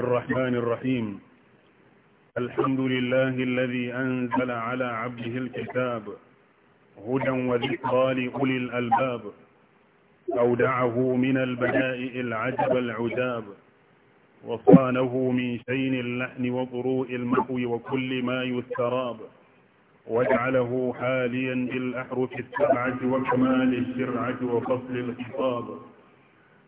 الرحمن الرحيم الحمد لله الذي أنزل على عبده الكتاب هدى وذكرى لأولي الألباب أودعه من البدائع العجب العجاب وصانه من شين اللحن وضروء المحو وكل ما يستراب وجعله حاليا بالأحرف السبعة وكمال الشرعة وفصل الخطاب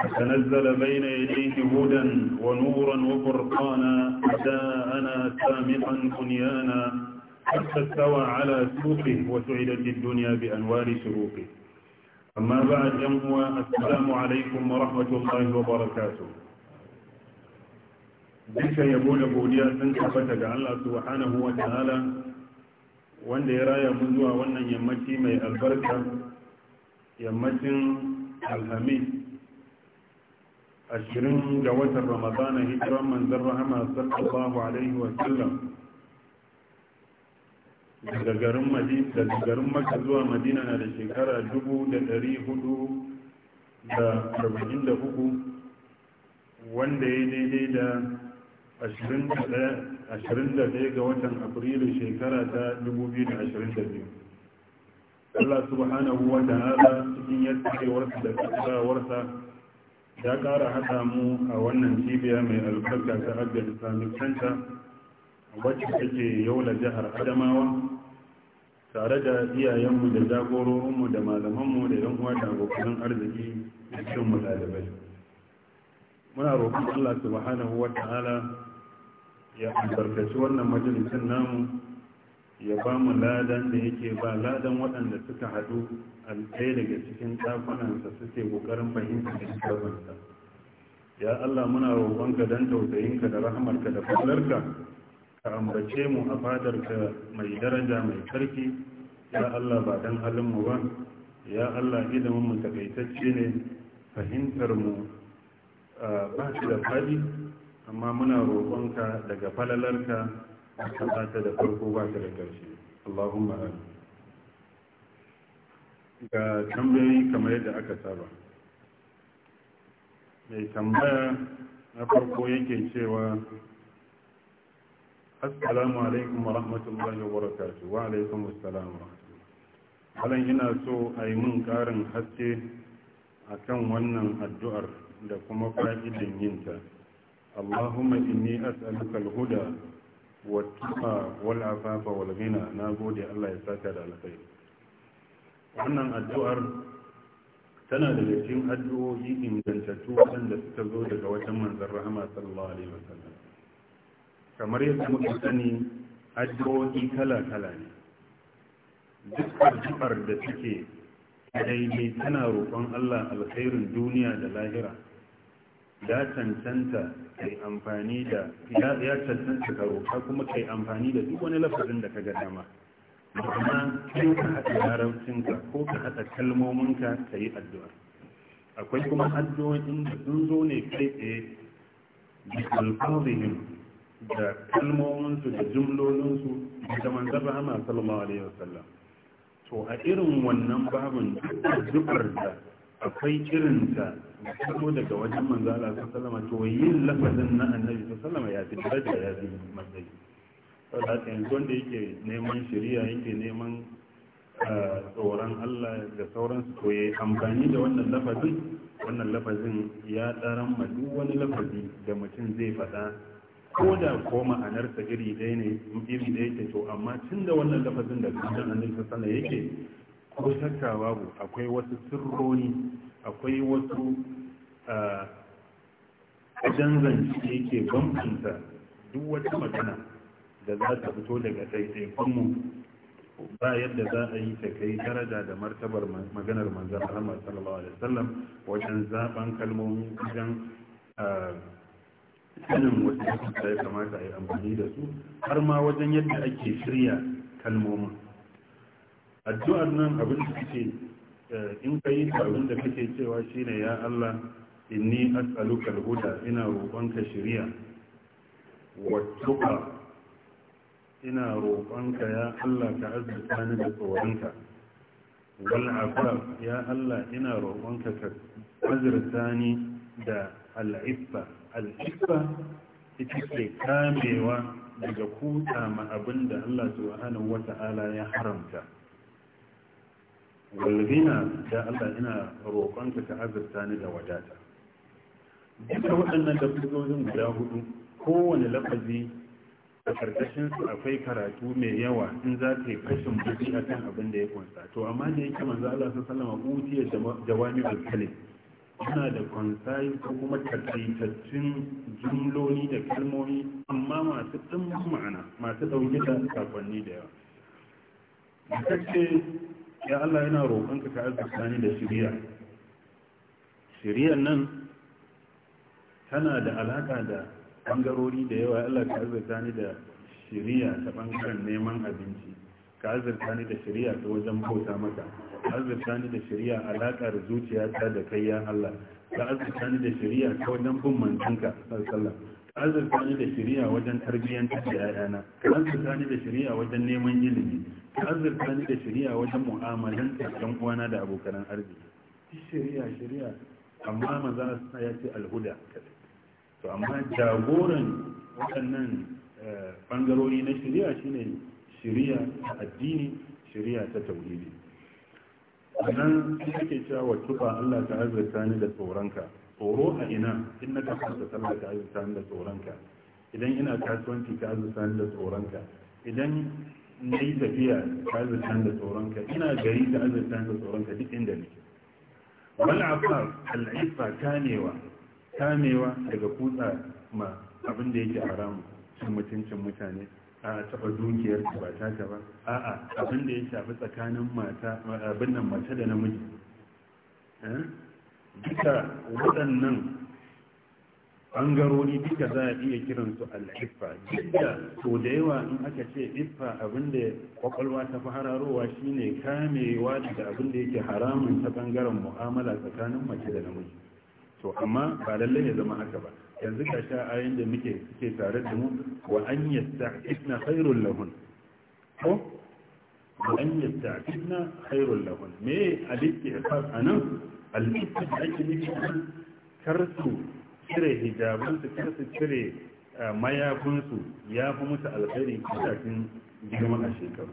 فتنزل بين يديه هدى ونورا وفرقانا جاءنا سامحا بنيانا حتى استوى على سوقه وسعدت الدنيا بأنوار شروقه أما بعد جمهوا السلام عليكم ورحمة الله وبركاته ذلك يقول أبو ديا تنكفت الله سبحانه وتعالى وان ديرايا منذ وان يمتي مي البركة يمتي الحميد ashirin ga watan ramadana hijiran manzan rahama sallallahu alaihi wasallam daga garin madina garin maka zuwa madina na da shekara 1443 wanda ya daidai da 21 ga watan afrilu shekara ta 2022 Allah subhanahu wa ta'ala cikin yadda da ƙasawarsa ya ƙara haɗa mu a wannan cibiya mai albarka ta abdul islamic center wacce take yaula jihar adamawa tare da iyayenmu da jagororinmu da malamanmu da yan uwa da abokan arziki da cikin mu ɗalibai muna roƙon allah subhanahu wa ta'ala ya albarkaci wannan majalisin namu ya ba ladan da yake ba ladan waɗanda suka haɗu a ɗaya daga cikin ɗakunansa suke ƙoƙarin fahimta da shugabanta ya allah muna roƙonka don tausayinka da rahamarka da fadlarka ka ambace mu a fadarka mai daraja mai sarki ya allah ba don halinmu ba ya allah ilimin mu takaitacce ne fahimtar mu ah, ba shi da fadi amma muna roƙonka daga falalarka ba ta da farko ba ta da ƙarshe Allahumma amin ga tambayoyi kamar yadda aka saba mai tambaya na farko yake cewa assalamu alaikum wa rahmatullahi wa wa alaikum assalamu halin ina so a yi mun ƙarin haske a kan wannan addu'ar da kuma fa'idin yinta allahumma inni as'aluka al-huda wata ah, wal afafa na gode Allah ya saka da alkhairi wannan addu'ar tana daga cikin addu'o'i ingantattu waɗanda suka zo daga wajen manzon rahama sallallahu alaihi wasallam kamar yadda muka sani addu'o'i kala kala ne duk addu'ar da take daidai tana roƙon Allah alkhairin duniya da lahira ya cancanta kai amfani da ya karo ka kuma kai amfani da duk wani lafazin da ka ga dama amma kai ka haɗa larabcinka ko ka haɗa kalmominka ka yi addu'a akwai kuma addu'o'in da sun zo ne kai tsaye da alfazihim da kalmominsu da jumlolinsu da manzan Hama sallallahu alaihi wasallam to a irin wannan babin duk da akwai irin ta ko daga wajen manzala ta salama to yin lafazin na annabi ta salama ya fi daraja ya fi matsayi saboda yanzu wanda yake neman shari'a yake neman ah, tsoron Allah da sauransu to ya amfani da wannan lafazin wannan lafazin ya tsaran ma duk wani lafazi da mutum zai faɗa ko da ko ma'anar ma'anarsa iri ɗaya ne iri ɗaya yake to amma tun da wannan lafazin da kusan annabi sallallahu alaihi yake ko shakka babu akwai wasu sirroni akwai wajen zance yake bambanta duk wata magana da za ta fito daga ɗaiɗaikunmu ba yadda za a yi ta kai daraja da martabar maganar manzan Muhammad sallallahu alaihi wasallam wajen zaben kalmomi wajen sanin wasu da ya kamata a yi amfani da su har ma wajen yadda ake shirya kalmomin addu'ar nan abin da kake eh, in ka yi abin da kake cewa shine ya Allah inni as'aluka al-huda ina roƙonka shari'a wattuka ina roƙonka ya Allah ka azurta ni da tsoronka wal afaf ya Allah ina roƙonka ka azurta ni da al'iffa al'iffa ita ke kamewa daga kuta ma abin da Allah subhanahu wata'ala ya haramta walghina ya Allah ina roƙonka ka azurta ni da wadata duka waɗannan lafazozin guda hudu kowane lafazi a ƙarƙashin su akwai karatu mai yawa in za ta yi fashin baki a kan abin da ya kunsa to amma da yake manzo Allah sun sallama utiya jawami alkali yana da kwansayi ko kuma takaitattun jumloli da kalmomi amma masu ɗin ma'ana masu ɗauke da sakonni da yawa ce ya Allah yana roƙonka ka arzikani da shiriya shiriyan nan tana da alaka da ɓangarori da yawa Allah ka azurta ni da shiriya ta ɓangaren neman abinci ka azurta ni da shiriya ta wajen bauta maka ka azurta ni da shiriya alakar zuciyata da kai ya Allah ka azurta ni da shiriya ta wajen bin mantanka sallallahu ka azurta ni da shiriya wajen tarbiyyantar da yayana ka azurta ni da shiriya wajen neman ilimi ka azurta ni da shiriya wajen ta kan uwana da abokan arziki shiriya shiriya amma Maza ya ce alhuda to amma jagoran waɗannan eh, ɓangarori na shari'a shine shari'a ta addini shari'a ta tauhidi sannan sai ake cewa wa tuba Allah ta azurta ni da tsoronka tsoro a ina in na kasance sallah ta azurta ni da tsoronka idan ina kasuwanci ta azurta ni da tsoronka idan na yi tafiya ta azurta ni da tsoronka ina gari ta azurta ni da tsoronka duk inda nake wal afar al'ifa kanewa kamewa daga kutsa ma abin da yake haramu cin mutuncin mutane a taɓa dukiyar ba ta ta ba a'a abin da ya shafi tsakanin mata abin nan mace da namiji eh? duka waɗannan ɓangarori duka za a iya kiran su al'iffa duk da to da yawa in aka ce iffa abin da kwakwalwa ta fi hararowa shine kamewa daga abin da yake haramun ta ɓangaren mu'amala tsakanin mace da namiji to amma ba lallai ne zama haka ba yanzu ka sha ayin da muke suke tare da mu wa an yasta'ifna khairul lahun ko wa an yasta'ifna khairul lahun me alifi istifaf anan alifi da ake nufi kar karsu cire hijabun kar su cire eh, mayafunsu ya fi musu alkhairi kasashen girman a shekaru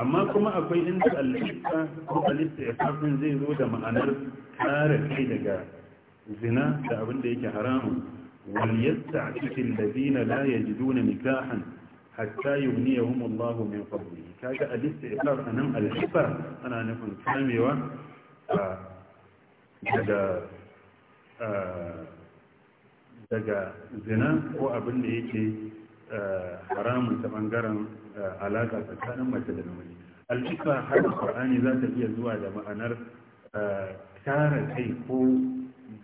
amma kuma akwai inda alifta ko alifta ya kafin zai zo da ma'anar kare kai daga zina da abin da yake haramun waliyasta a cikin labina la ya ji duna nikahan hatta yuniyahum Allahu min fadli kaga alifta ya kafin nan alifta ana nufin kamewa daga daga zina ko abin da yake haramun ta bangaren alaka tsakanin mace da namiji al'ika har qur'ani za ta iya zuwa da ma'anar eh, tara kai ko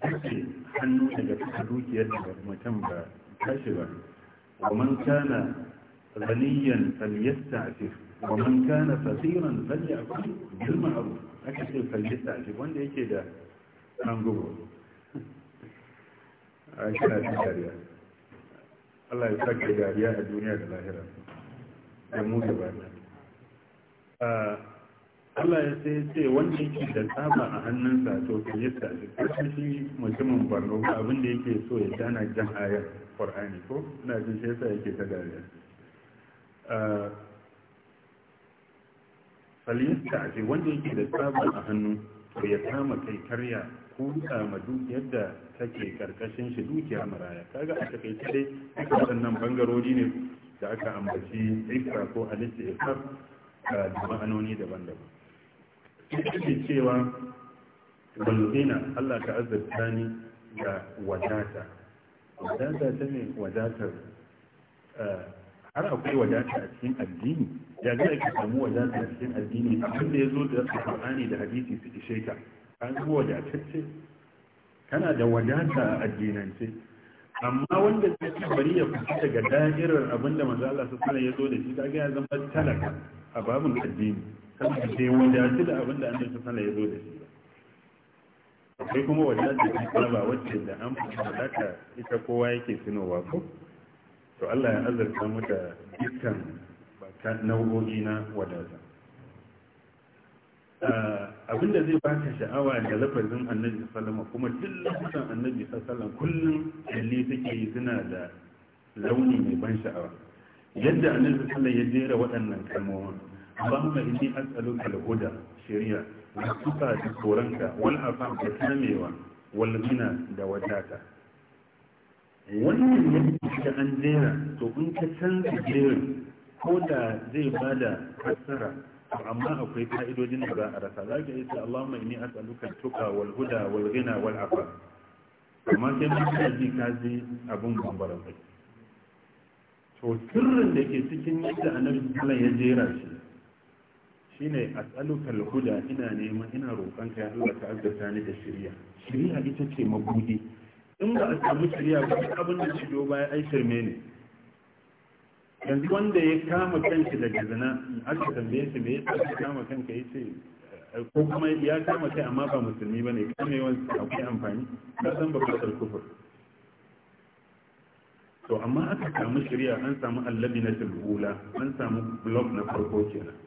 dace hannu daga dukiyar da mutum ba tashi ba wa man kana ghaniyan falyasta'fif wa man kana fasiran falyakul bil ma'ruf aka ce falyasta'fif wanda yake da angugo a kira shi dariya Allah ya sake dariya a duniya da lahira da mu da ba Allah ya sai ce wanda yake da tsaba a hannunsa to ka yi tsaji kashin shi mutumin barno abin da yake so ya dana jan ayar ƙwar'ani ko ina jin shi yasa yake ta dariya ta ce wanda yake da tsaba a hannu to ya kama kai karya ko ma dukiyar da take karkashin shi dukiya maraya kaga a takaice dai duka waɗannan bangarori ne da aka ambaci ikra ko al isar. da ma'anoni daban-daban yake cewa wal'ina Allah ta azabta ni ga wadata wadata ta ne wadatar har akwai wadata a cikin addini ya zai ake samu wadata a cikin addini abin da ya zo da Al-Qur'ani da hadisi su ishe ka an zuwa wadatacce kana da wadata a addinance amma wanda zai ci bari ya fita daga da'irar abinda manzo Allah sallallahu alaihi ya zo da shi kaga ya zama talaka a babun addini saboda bai wadatu da abinda annabi sallallahu alaihi ya zo da shi akwai kuma wadatu da ba wacce da an fita daka ita kowa yake sinowa ko to Allah ya azurta mu da dukkan nau'o'i na wadata Eh, abinda zai baka sha'awa da lafazin annabi sallama kuma duk lafazin annabi sallama kullum kalli suke yi suna da launi mai ban sha'awa yadda annabi sallama ya jera waɗannan kalmomin allahumma inni as'aluka al-huda shari'a wa tuka da koranka wal afa da kamewa wal gina da wadata wannan yadda an jera to in ka canza jerin ko da zai bada fassara amma akwai fa'idodin da za a rasa za ka yi sai Allahumma inni as'aluka tuka wal guda wal gina wal afa amma sai mun ji ji ka ji abin bambara bai to sirrin da ke cikin yadda annabi sallallahu ya jera shi shine a tsallukan huda ina neman ina roƙon ka ya Allah ka azurta ni da shirya. Shirya ita ce mabudi in ba a samu shirya ba abin da ke baya ai shirme ne yanzu wanda ya kama kanshi daga zina aka tambaye shi me yasa ka kama kanka yace ko kuma ya kama kai amma ba musulmi bane kamewan akwai amfani ka san ba fatar kufur to amma aka samu shari'a an samu allabi na tilhula an samu blog na farko kenan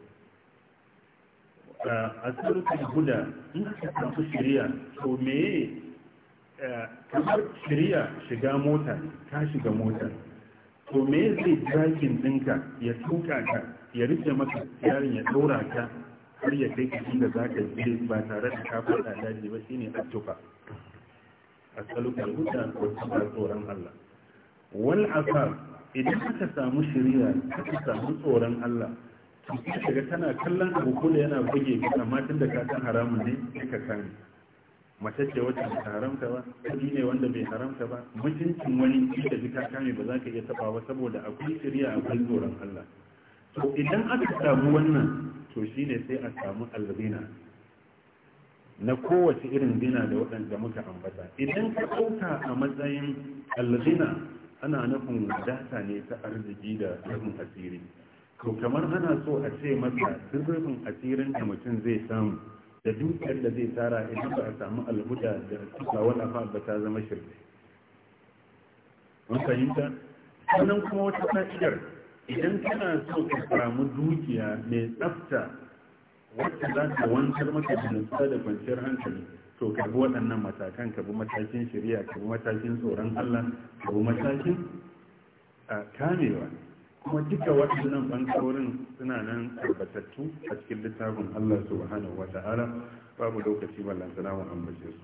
a tsarukan guda in aka samu shari'a to me eh, kamar shari'a shiga mota ka shiga mota ne to me zai jakin ɗinka ya tuka ka ya rike maka yarin ya ɗora ka har ya kai ka da za ka je ba tare da ka faɗa daji ba shine attuka a tsalukar huta ko tuka tsoron Allah wal asar idan aka samu shari'a aka samu tsoron Allah to shiga tana kallon abu yana buge ka amma da ka san haramun ne ka kame mace ce wacce ba haramta ba kuɗi ne wanda bai haramta ba mutuncin wani da ka kame ba za ka iya taba ba saboda akwai shirya akwai tsoron Allah to idan aka samu wannan to shine sai a samu alzina na kowace irin zina da waɗanda muka ambata idan ka ɗauka a matsayin alzina ana nufin wadata ne ta arziki da rufin asiri to kamar ana so a ce masa duk rufin asirin da mutum zai samu da dukiyar da zai tara idan ba a samu alhuda da tuka wani afa ba ta zama shirme wani fahimta sannan kuma wata fa'idar idan kana so ka samu dukiya mai tsafta wacce za ta wancar maka da da kwanciyar hankali to ka bi waɗannan matakan ka bi matakin shirya, ka bi matakin tsoron Allah ka bi matakin kamewa kuma duka waɗannan bankarorin suna nan tabbatattu a cikin littafin Allah subhanahu ta'ala babu lokaci wallan salamu ambace su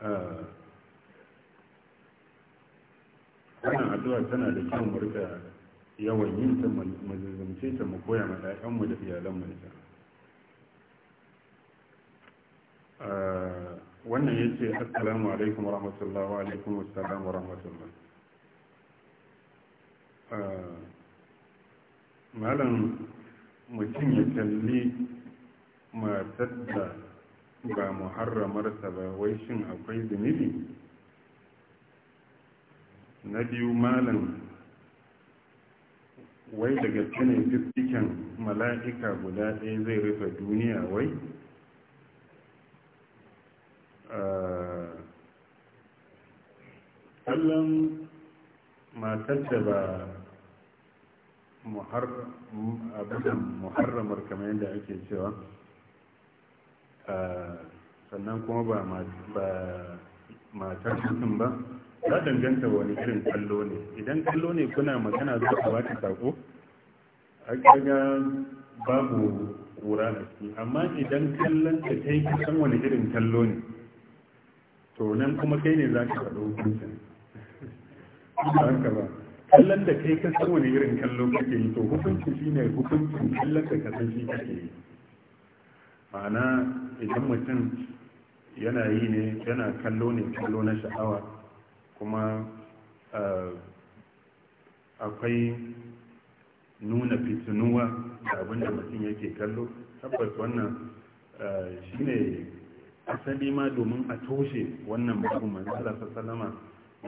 ah, wannan addu'a tana da kyau mu rika yawan yin ta mu zazzamce ta mu koya ma mu da iyalan mu ita ah, wannan yace assalamu alaikum warahmatullahi wa alaikum assalam wa malam mutum ya kalli matar da ba muharramarta ba wai shin akwai zunubi na biyu malam wai daga ne fiffiken mala'ika guda ɗaya zai rufe duniya wai kallon matar da ba muharramar kamar yadda ake cewa sannan kuma ba matar mutum ba za danganta wani irin kallo ne idan kallo ne kuna magana zuwa a ta sako a kaga babu wura da su amma idan kallon ka kai kusan wani irin kallo ne to nan kuma kai ne za ka faɗo hukuncin ba haka ba kallon da kai ka tsaro wani irin kallo kake yi to hukunci shi ne hukuncin kallon da ka san shi kake yi ma'ana idan mutum yana yi ne yana kallo ne kallo na sha'awa kuma eh, akwai nuna fitinuwa da abin da mutum yake kallo tabbas wannan eh, shi ne asali ma domin a toshe wannan babu manzala salama.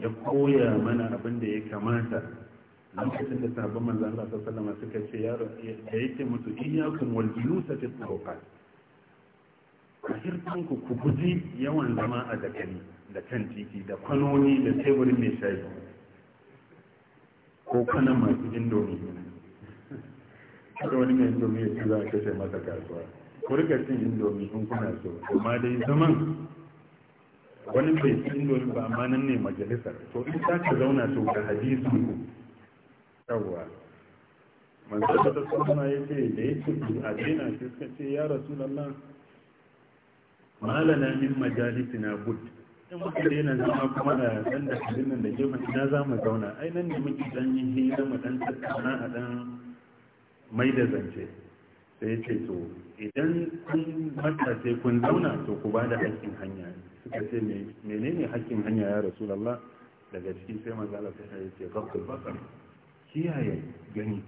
ya koya mana abin da ya kamata lokacin da sabon manzan Allah ta sallama suka ce yaro da yake ya iyakun wal julusa fi tawqat kafirtan ku ku guji yawan zama a dakali da kan titi da kwanoni da teburin mai shayi ko kana masu indomi kada wani mai indomi ya ci za a kashe masa kasuwa ku rika cin indomi in kuna so amma dai zaman wani bai san domin ba amma nan ne majalisar to in za ka zauna to ga hadisi ku yawwa manzo da sunna yace da yake a dina shi suka ce ya rasulullah malana min majalisina bud in muka daina zama kuma a dan da nan da gefen na za mu zauna ai nan ne muke dan yin hira mu dan tattauna a dan mai da zance sai yace to idan kun mata sai kun zauna to ku ba da hakkin hanya suka ce ne hakkin hanya ya rasu lalla daga cikin sai mazala ta sai ce gafil bakar kiyaye gani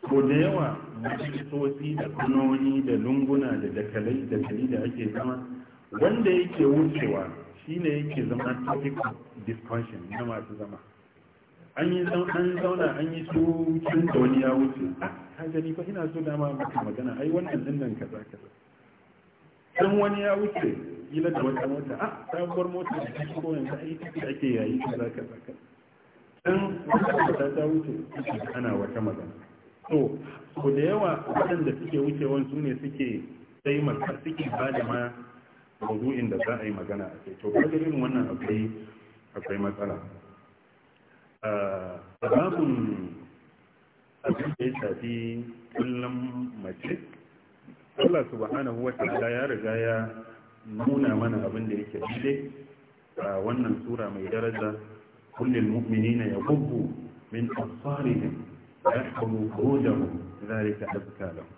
ko da yawa majalisoci da kanoni da lunguna da dakalai da kali da ake zama wanda yake wucewa shine yake zama topic of discussion na masu zama an yi zauna an yi tsohon cin da wani ya wuce ka gani fa ina so dama maka magana ai wannan din nan kaza kaza dan wani ya wuce ila da wata mota a ah, sabuwar mota da take ko yanzu ai take ake yayi kaza kaza kaza dan wata ta wuce ana wata magana to ko da yawa waɗanda suke wucewan su ne suke taimaka suke ba da ma mawdu'in da za a yi magana a kai to kaga irin wannan akwai akwai matsala Eh, a babin abin da ya shafi kullum mace Allah subhanahu wa ta'ala ya riga ya nuna mana abin da yake daidai a wannan sura mai daraja kullum mu'minina ya gubu min absarihim ويحكم خروجهم ذلك أزكى لهم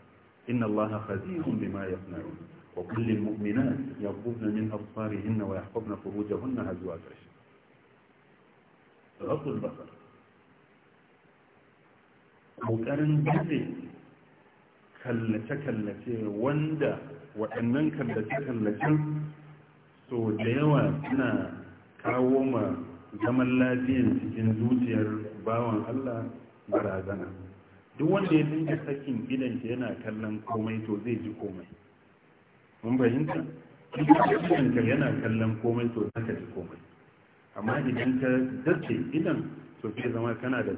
إن الله خزير بما يصنعون وكل المؤمنات يغضبن من أبصارهن ويحفظن فروجهن هزوا كرشا رب البصر ƙoƙarin dade kallace-kallace wanda waɗannan kallace-kallacen so da yawa suna kawo ma zaman lafiyan cikin zuciyar bawan Allah barazana duk wanda ya dinga sakin gidanta yana kallon komai to zai ji komai mun bayyanta duk yana kallon komai to zaka ji komai amma idan ka dace idan to ke zama kana da a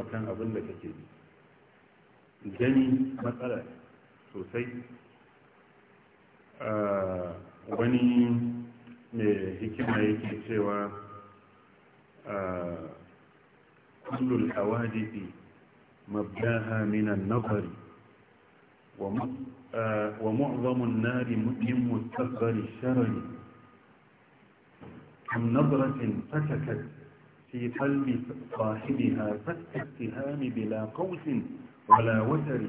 akan abin da kake gani matsala sosai ah, wani mai hikima yake cewa a ah, kullul hawadithi مبداها من wa mu'azamun ah, nari من مستقبل sharari عن نظرة فتكت في قلب صاحبها فتك اتهام بلا قوس ولا وتر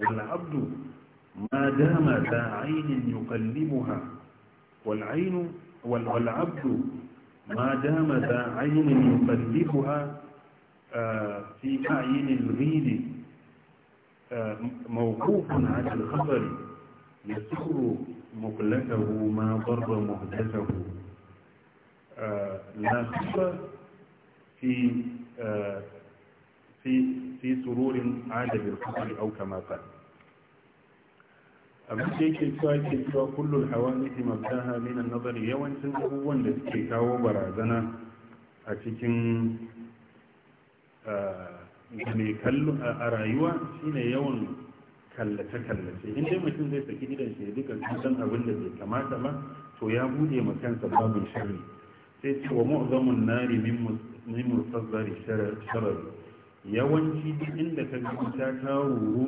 والعبد ما دام ذا عين يقلبها والعين والعبد ما دام ذا عين يقلبها آه، في أعين الغيد آه، موقوف على الخطر يسر مقلته ما ضر مهدته la khusra fi fi fi sururin adabil khusri aw kama qala abin da yake cewa ke cewa kullum hawadisi mabdaha min an-nazar yawancin abubuwan da suke kawo barazana a cikin mai kallo rayuwa shine yawan kallace-kallace in dai mutum zai saki gidan shi duka kusan abin da bai kamata ba to ya buɗe ma kansa babin sharri sai ce wa mu'zamun nari min musazzari sharar yawanci duk inda ka ga ta ta na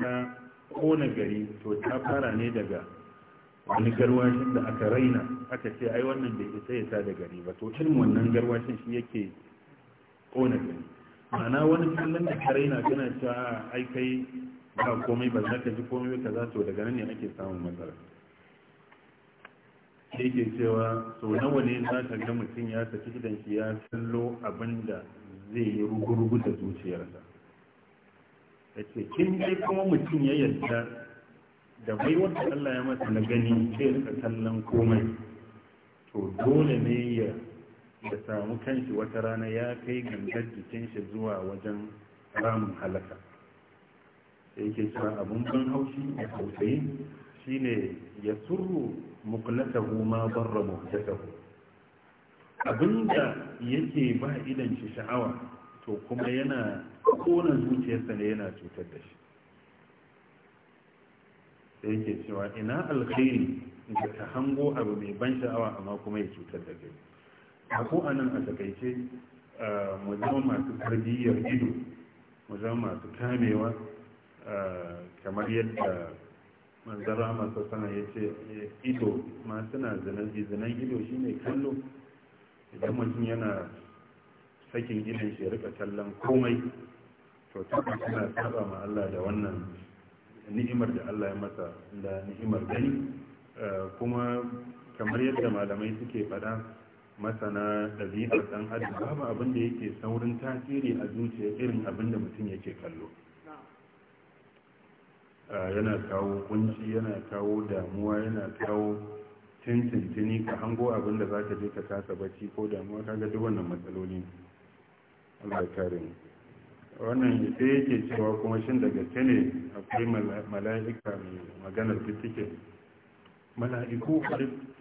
ta kona gari to ta fara ne daga wani garwashin da aka raina aka ce ai wannan da isa ya ta da gari ba to cin wannan garwashin shi yake kona gari ma'ana wani kallon da ka raina kana cewa ai kai ba komai ba za ka ji komai ka za to daga nan ne ake samun matsala da yake cewa sau nawa ne za ka ga mutum ya saci gidan shi ya sallo abin da zai yi rugurugu da zuciyarsa ta ce kin dai kuma mutum ya yarda da bai wata Allah ya masa na gani ke rika sallan komai to dole ne ya da samu kanshi wata rana ya kai gangar jikin shi zuwa wajen ramin halaka sai yake cewa abun ban haushi a tausayi shine ya surru muqlatahu ma barra muhtatahu abinda yake ba idan shi sha'awa to kuma yana kona zuciyarsa ne yana cutar da shi sai yake cewa ina alkhairi da ta hango abu mai ban sha'awa amma kuma ya cutar da kai a ko anan a takaice eh, mu zama masu tarbiyyar ido mu zama masu kamewa eh, kamar yadda manzara masu sassana ya ce eh, ido masu na zinazi zinan ido shi ne kallo idan mutum yana sakin ginin shi rika kallon komai to tabbas suna saba ma Allah da wannan ni'imar da Allah ya masa da ni'imar gani eh, kuma kamar yadda malamai suke faɗa masana ɗabi'ar ɗan adam babu abin da yake saurin tasiri a zuciya irin abin da mutum yake kallo yana kawo kunci yana kawo damuwa yana kawo tintintini ka hango abin da za ka je ka kasa bacci ko damuwa kaga duk wannan matsaloli Allah kare wannan sai yake cewa kuma shin daga gaske akwai mala'ika mai maganar fitike mala'iku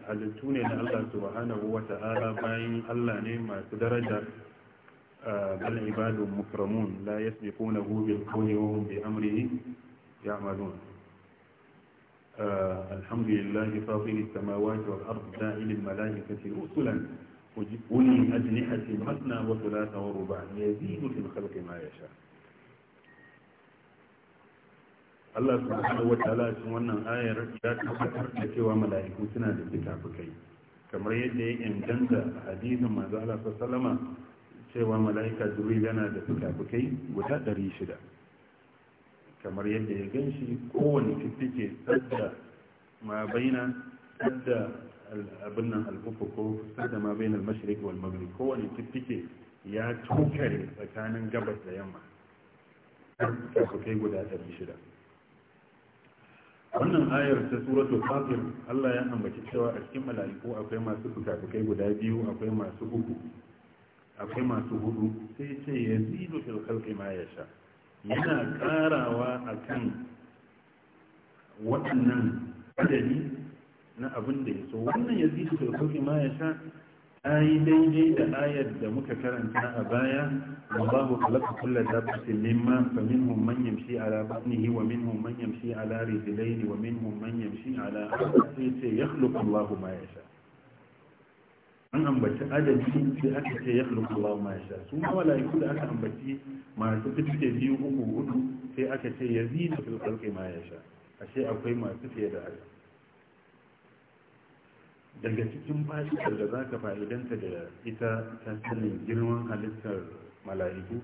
halittu ne na Allah subhanahu wa ta'ala bayan Allah ne masu daraja bal ibadun mukramun la hu bil qawli wa hum bi amrihi يعملون آه الحمد لله فاطر السماوات والأرض جاعل الملائكة رسلا أولي أجنحة مثنى وثلاث ورباع يزيد في الخلق ما يشاء Allah subhanahu wataala cikin wannan ayar ya tabbatar da cewa mala'iku suna da fikafikai kamar yadda ya inganta a hadisin manzo Allah sallama cewa mala'ika Jibril yana da fikafikai guda shida. kamar yadda ya gan shi kowane fiffike tsada ma baina tsada abin nan alfufu ko tsada ma baina al-mashriq wal maghrib kowane fiffike ya tukare tsakanin gabas da yamma ku kai guda shida. wannan ayar ta suratul fatir Allah ya ambaci cewa a cikin mala'iku akwai masu kai guda biyu akwai masu uku akwai masu hudu sai ce yazidu fil khalqi ma yasha yana karawa a kan waɗannan adadi na abin da ya so wannan ya su da sauƙi ma ya sha a yi daidai da ayar da muka karanta a baya wallahu khalaqa kulla dabbatin nema fa minhum man yamshi ala batnihi wa shi a yamshi ala rijlayni wa shi a yamshi ala ce sai yakhluqu Allahu ma ya sha. an ambaci adadi sai aka ce ya halittu Allah ma sha su ma mala'iku da aka ambaci masu fiske biyu uku hudu sai aka ce ya zi da filkalkai ma sha ashe akwai masu fiye da haka daga cikin fashikar da za ka fa'idanta da ita ta sanin girman halittar mala'iku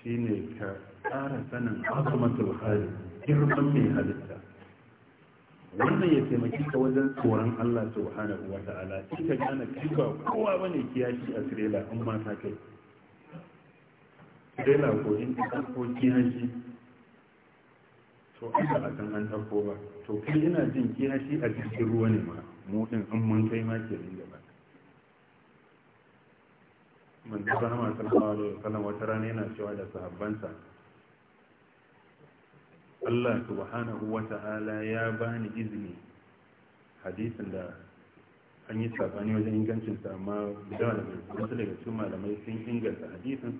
shine ka ƙara sanin azamatul hali girman mai halitta wannan ya taimaki ka wajen tsoron Allah subhanahu wa ta'ala sai ka gane kai ba kowa bane kiyashi a tirela in ma ta kai tirela ko in ka ko kiyashi to aka a san an tarko ba to kai yana jin kiyashi a cikin ruwa ne ma mu din an mun kai ma ke rinda ba manzo sallallahu alaihi wasallam wata rana yana cewa da sahabbansa Allah subhanahu wa ta'ala ya bani izini hadisin da an yi sabani wajen ingancinsa amma da wasu daga cikin malamai sun inganta hadisin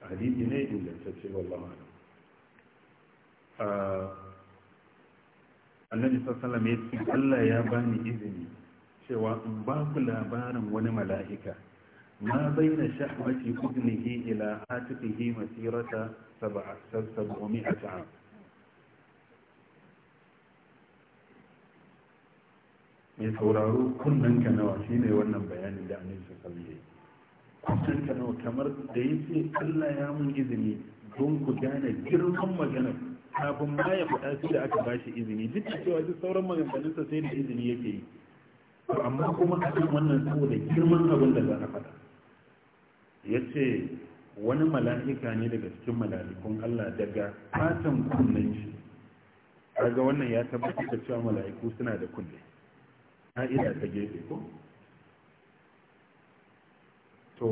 hadisi ne ingantacce wallahu a'lam annabi sallallahu ya ce Allah ya bani izini cewa in ba ku labarin wani mala'ika ma baina shahwati udnihi ila atiqihi masirata 700 am mai sauraro kunnen ka nawa shine wannan bayani da annabi sallallahu alaihi wasallam kunnen ka kamar da ya yace Allah ya mun izini don ku gane girman magana kafin ma ya faɗa su da aka bashi izini duk da cewa duk sauran maganganunsa sai da izini yake yi amma kuma a kan wannan saboda girman abin da za a faɗa ya ce wani mala'ika ne daga cikin mala'ikun Allah daga fatan kunnen shi ga wannan ya tabbatar da cewa mala'iku suna da kunne ka'ida ta gefe ko to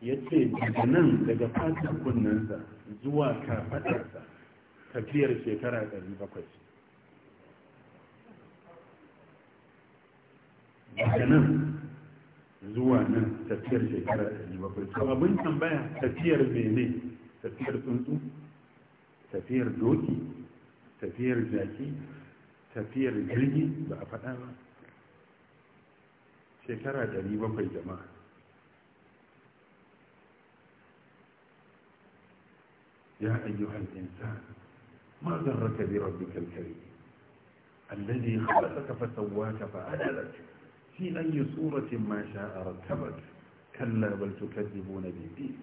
ya ce daga nan daga fatan kunnensa zuwa kafaɗarsa tafiyar shekara 700 daga nan zuwa nan tafiyar shekara 700 to abin tambaya tafiyar mene tafiyar tsuntsu tafiyar doki tafiyar jaki tafiyar jirgi ba a faɗa ba shekara 700 jama'a ya ayyuhal insan ma zarraka bi rabbikal karim الذي خلقك فسواك فعدلك في أي صورة ما شاء ركبك كلا بل تكذبون بالدين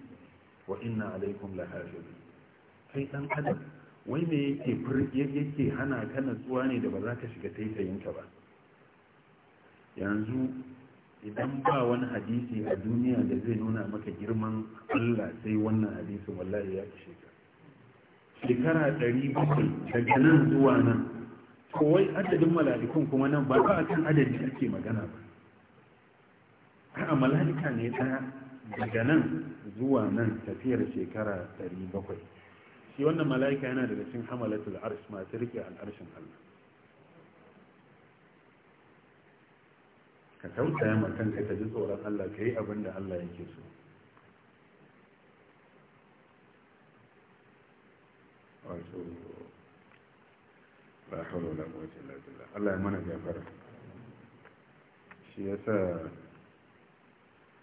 وإن عليكم لحافظين kai dan adam wai me yake yake hana ka natsuwa ne da ba za ka shiga taitayinka ba yanzu idan ba wani hadisi a duniya da zai nuna maka girman Allah sai wannan hadisi, wallahi ya fi shekara. shekara ɗari bakwai daga nan zuwa nan kowai adadin mala'ikun kuma nan ba ba a kan adadi ake magana ba a mala'ika ne ta daga nan zuwa nan tafiyar shekara ɗari bakwai shi wannan mala'ika yana daga cikin hamalatul arsh masu rike al'arshin Allah ka tausaya ma kanka ka ji tsoron Allah ka yi abin da Allah yake so wato ba Allah ya mana gafara shi ya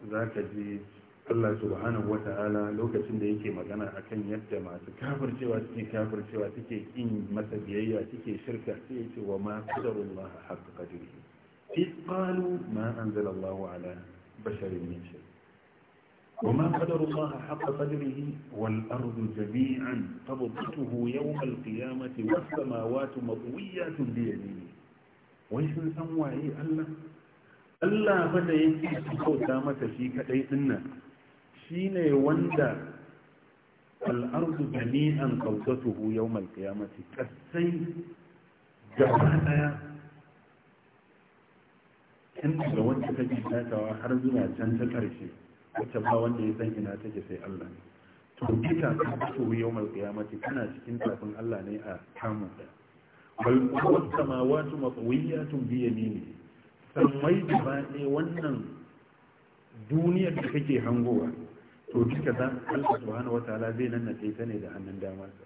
za ka ji Allah subhanahu wata'ala lokacin da yake magana akan yadda masu kafircewa suke kafircewa suke kin masa biyayya suke shirka sai ya ce wa ma qadarullah haqqa qadrihi إذ قالوا ما أنزل الله على بشر من شيء وما قدر الله حق قدره والأرض جميعا قبضته يوم القيامة والسماوات مطويات بيمينه ويسن سموا أي الله Allah fa da yake kauta mata shi kadai dinnan shine wanda al'ardu jami'an kautatuhu yawmal qiyamati kasai gaba daya tun daga wanda take takawa har zuwa can ta ƙarshe wacce ba wanda ya san ina take sai Allah ne to ita ta fito yau mai kiyamati kana cikin tafin Allah ne a kamun da bal kuwa samawatu maqwiyatun bi yamini mai ba ne wannan duniyar da kake hangowa to duka za Allah subhanahu wataala zai nan nannace ta ne da hannun damarsa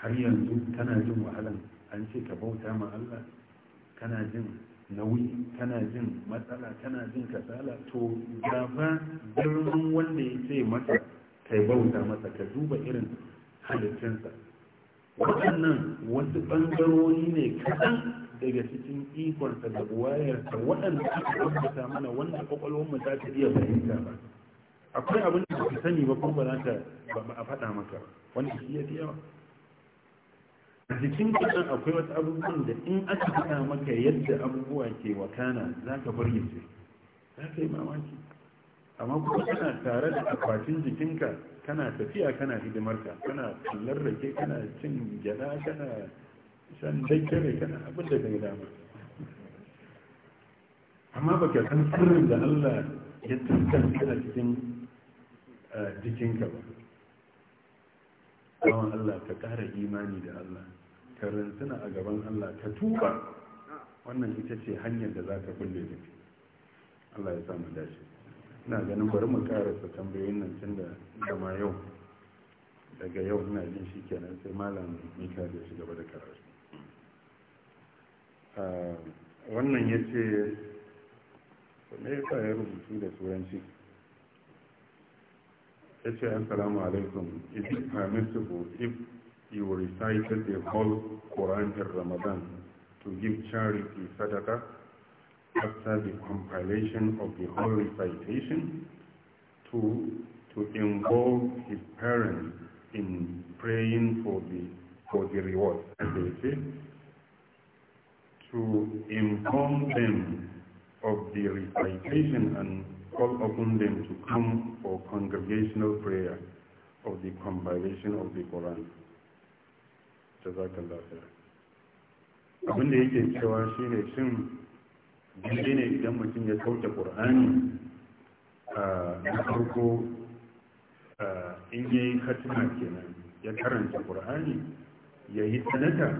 har yanzu kana jin wahalan an ce ka bauta ma Allah kana jin nauyi kana jin matsala kana jin kasala to gaba birnin wanda ya ce masa kai bauta masa ka duba irin halittinsa waɗannan wasu ɓangarori ne kaɗan daga cikin ikonsa da wayarsa, waɗanda aka ambata mana wanda kwakwalwarmu za ta iya fahimta ba akwai abin da ba sani ba ko ba za ta ba a faɗa maka wanda shi ya fi yawa jikin kaɗan akwai wasu abubuwan da in aka faɗa maka yadda abubuwa ke wakana za ka bar yanzu za ka yi mamaki amma kuma kana tare da akwatin jikinka kana tafiya kana hidimarka kana kallar rake kana cin gyada kana shan daikere kana abin da daga dama amma baka san sirrin da Allah ya tantance a cikin eh, jikinka ba. Allah ka ƙara imani da Allah. ka a gaban Allah ta tuba wannan ita ce hanyar da za ka kulle da Allah ya samu dace ina ganin bari mu karasa tambayoyin nan tun da gama yau daga yau ina jin shi kenan sai malam ka da shi gaba da karatu ah, wannan ya ce me yasa ya rubutu da turanci ya ce salamu alaikum if permissible if you recited the whole Quran in Ramadan to give charity sadaqah after the compilation of the whole recitation to to involve his parents in praying for the for the reward as they say to inform them of the recitation and call upon them to come for congregational prayer of the compilation of the Quran. zaka khairan abin da yake cewa shine shin daidai ne idan mutum ya sauke qur'ani ah, na farko ah, in ya yi katina kenan ya karanta ƙur'ani ya yi sadaka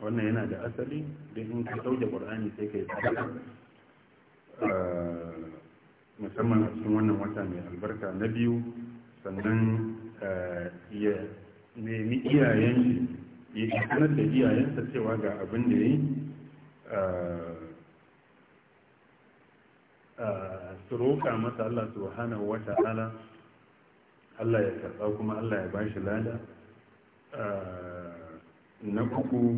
wannan yana da asali da in ka sauke ƙur'ani sai ka yi sadaka ah, musamman a cikin wannan wata mai albarka na biyu sannan ya nemi iyayen ya kanar da iyayensa cewa ga abin da ya yi su roƙa masa Allah hana wata ala Allah ya karɓa kuma Allah ya bashi lada na kuku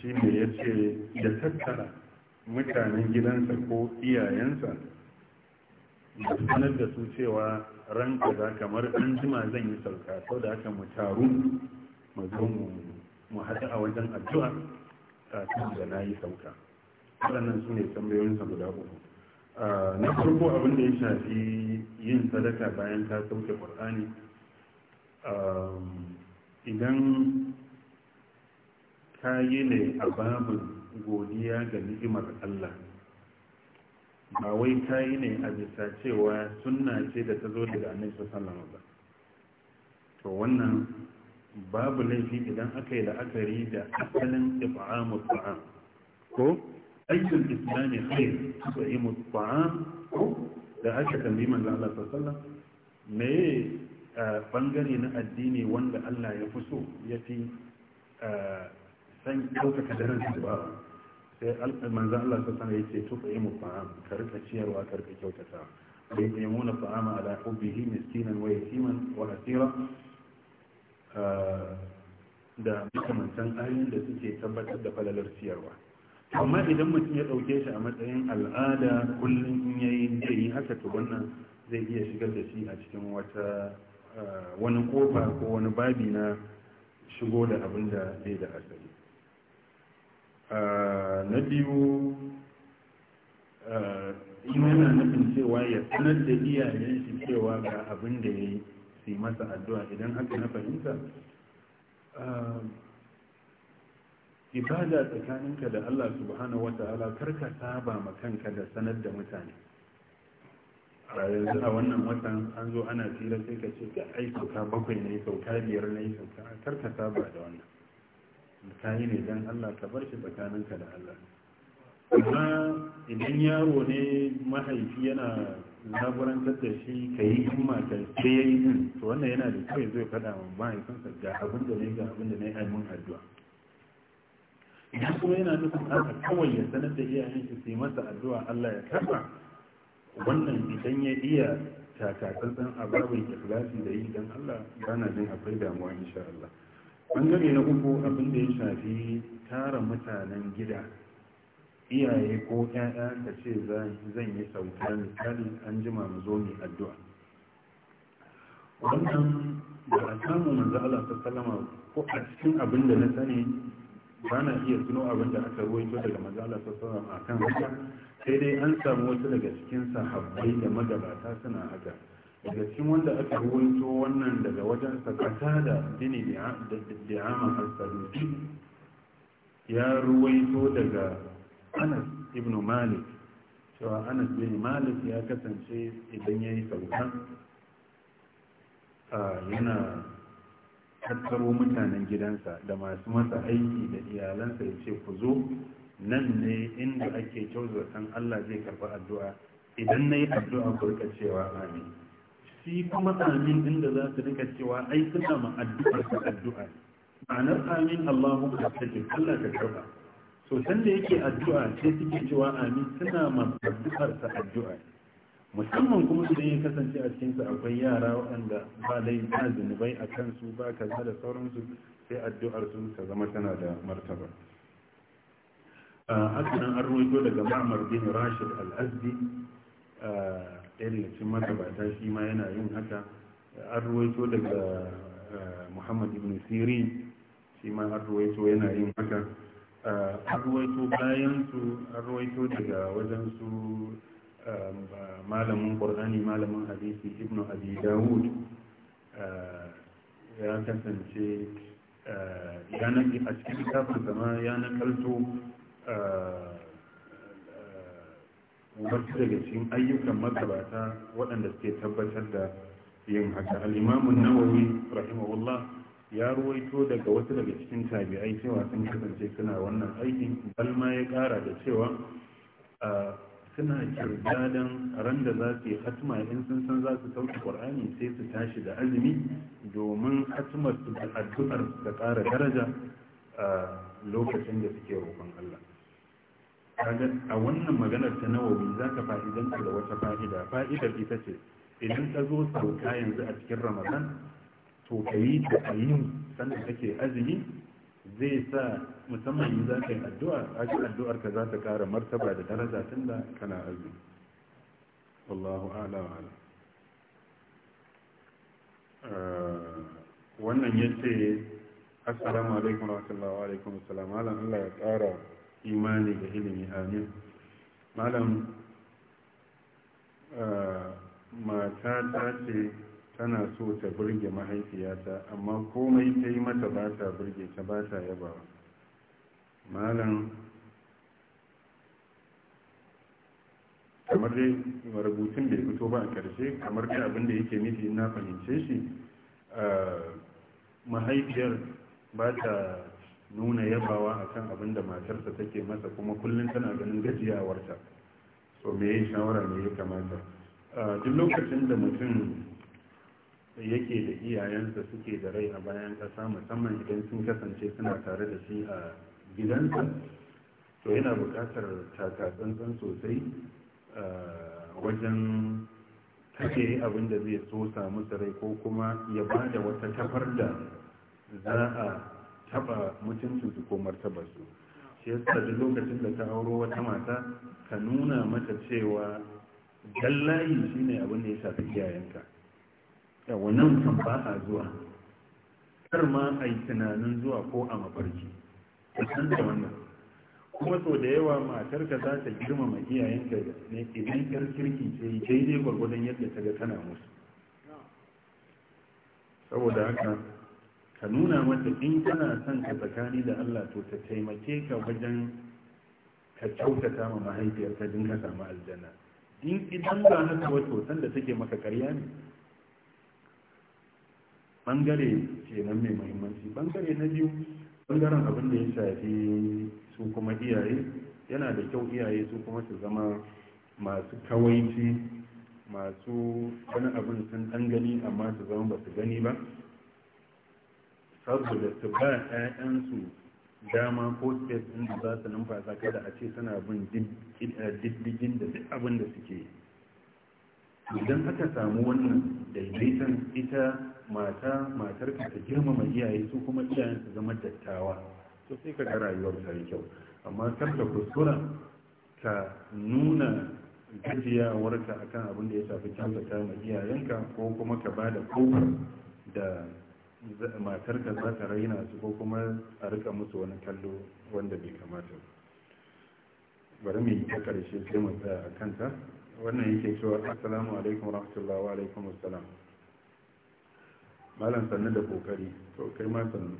shi ne ya ce da tattara mutanen gidansa ko iyayensa da da su cewa ran kaza kamar ɗan jima zan yi sauka sau da haka mu taru mu haɗu a wajen addu'a kafin da na yi sauka waɗannan su ne tambayoyinsa guda uku ah, na farko abin da ya shafi yin sadaka bayan ta sauke ƙur'ani idan ka yi ne a babin godiya ga ni'imar allah ba wai ta yi ne a bisa cewa sunna ce da ta zo daga annabi sallallahu ba to wannan babu laifi idan aka yi la'akari da asalin ifa'amu ta'am ko aikin islami khair tu'imu ta'am ko da aka tambayi manzo Allah sallallahu me bangare na addini wanda Allah ya fi so ya fi san ɗaukaka daren su ba sai manzan Allah ta sana yace tufa mu fa'am ka rika ciyarwa ka rika kyautata wa yut'imuna fa'ama ala bihi miskinan wa yatiman wa asira ah, da makamantan ayoyin da suke tabbatar da falalar ciyarwa amma idan mutum ya ɗauke shi a matsayin al'ada kullum in yi dai haka to wannan zai iya shigar da shi a cikin wata ah, wani kofa ko wani babi na shigo da abin da bai da asali Eh, na biyu eh, yana nufin cewa ya sanar da iyayen shi cewa ga abin da ya yi su masa addu'a idan haka na fahimta eh, ibada tsakaninka da Allah subhanahu wa ta'ala karka saba ma kanka da sanar da mutane a yanzu a wannan watan an zo ana fira sai ka ce ka ai sauka bakwai ne sauka biyar ne sauka karka saba da wannan ka ne don Allah ka bar shi tsakaninka da Allah amma idan yaro ne mahaifi yana laburantar da shi ka yi himma ka sai ya din to wannan yana da kawai zai faɗa wa mahaifinsa ga abin da ne ga abin da ne a mun addu'a idan kuma yana nufin haka kawai ya sanar da iyayen shi su yi masa addu'a Allah ya kafa wannan idan ya iya takatsantsan a babin ikhlasi da yi don Allah bana jin akwai damuwa insha Allah ɓangare na uku abin da ya shafi tara mutanen gida iyaye ko 'ya'ya ka ce zan yi sautar misali an jima mu zo mai addu'a wannan da a samu manzo Allah ta salama ko a cikin abin na sani ba na iya tuno abin da aka ruwaito daga manzo Allah ta a kan haka sai dai an samu wasu daga cikin sahabbai da magabata suna haka daga cikin wanda aka ruwaito wannan daga wajen sakata da dini da al-sadusi ya ruwaito daga anas ibn malik cewa anas bin malik ya kasance idan yayi yi sauka yana tattaro mutanen gidansa da masu masa aiki da iyalansa ya ce ku zo nan ne inda ake kyautatan allah zai karbi addu'a idan nayi addu'a kurka cewa amin shi kuma amin din da za su rika cewa ai suna ma addu'a ta addu'a ma'anar amin Allahu akbar Allah ka karba so san da yake addu'a sai suke cewa amin suna ma addu'ar ta addu'a musamman kuma idan ya kasance a cikinsu akwai yara waɗanda ba dai ba zunubai a kansu ba kaza da sauransu sai addu'ar sun ta zama tana da martaba ah, a nan an daga ma'amar bin rashid al-azdi ah, ɗaya daga cikin magabata shi ma yana yin haka an ruwaito daga eh, muhammad ibn siri shi ma an ruwaito yana yin haka eh, an ruwaito bayan su an ruwaito daga wajen su eh, malamin ƙwarɗani malamin hadisi ibn abi dawud ya kasance a cikin kafin zama ya nakalto wasu daga cikin ayyukan matsabata waɗanda suke tabbatar da yin haka al'imamun nawawi rahimahullah ya ruwaito daga wasu daga cikin tabi'ai cewa sun kasance suna wannan aiki balma ya kara da cewa suna don ran da za su yi hatima in sun san za su qur'ani sai su tashi da azumi domin hatimar da addu'ar da ƙara daraja a lokacin da suke roƙon Allah a wannan maganar ta nawawi za ka fa'idanta da wata fa'ida fa'idar ita ce idan ka zo sauka yanzu a cikin ramadan to ka yi ta ayyun sannan kake azumi zai sa musamman za ka yi addu'a ajin addu'ar ka za ta kara martaba da daraja tun da kana azumi wallahu ala wa eh, ala wannan ya ce assalamu alaikum wa rahmatullahi wa alaikum assalam Allah ya kara imani da ilimi amin malam ah, mata ta ce tana so ta burge mahaifiyata amma komai ta yi mata ba ta burge ta ba ta yabawa malam kamar dai rubutun bai fito ba a ƙarshe kamar dai abinda yake nufi na fahimce shi ah, mahaifiyar ba ta nuna yabawa kan abin da matarsa take masa kuma kullum tana ganin gajiyawarta so me yi shawara ne ya kamata duk lokacin da mutum yake da iyayensa suke da rai a bayan kasa musamman idan sun kasance suna tare da shi a gidansa to yana buƙatar takatsantsan sosai wajen take abin da zai so samu rai ko kuma ya ba da wata tafar da za a taba su ko martabarsu shi yasa duk lokacin da ta auro wata mata ka nuna mata cewa dallayi shine abin da ya shafi iyayenka yawa nan kan ba a zuwa kar ma a yi tunanin zuwa ko a mafarki ka da wannan kuma sau da yawa matar ka za ta girmama iyayenka ne idan yar kirki ce daidai gwargwadon yadda ta ga tana musu saboda haka ka nuna mata in kana son ka tsakani da Allah to ta taimake ka wajen ka kyautata ma mahaifiyar ka din samu aljanna in idan ba haka ba to san da take maka karya ne bangare kenan mai muhimmanci bangare na biyu bangaren abin da ya shafi su kuma iyaye yana da kyau iyaye su kuma su zama masu kawaici masu wani abin sun dan gani amma su zama ba su gani ba saboda su ba 'ya'yansu dama ko space ɗin da za su numfasa kada a ce suna bin eh, diddigin da duk abin da suke idan aka samu wannan daidaiton ita mata matar ka ta girmama iyaye su kuma iyayen su zama dattawa to sai ka ga rayuwar ta yi kyau amma kar ka kuskura ka nuna gajiyawarka akan abin da ya shafi kyautata ma iyayenka ko kuma ka ba da kofar da matar ka za ta raina su ko kuma a rika musu wani kallo wanda bai kamata bari mu yi ta karshe sai mu tsaya a kanta wannan yake cewa assalamu alaikum rahmatullahi wa alaikum assalam malam sannu da kokari to kai ma sannu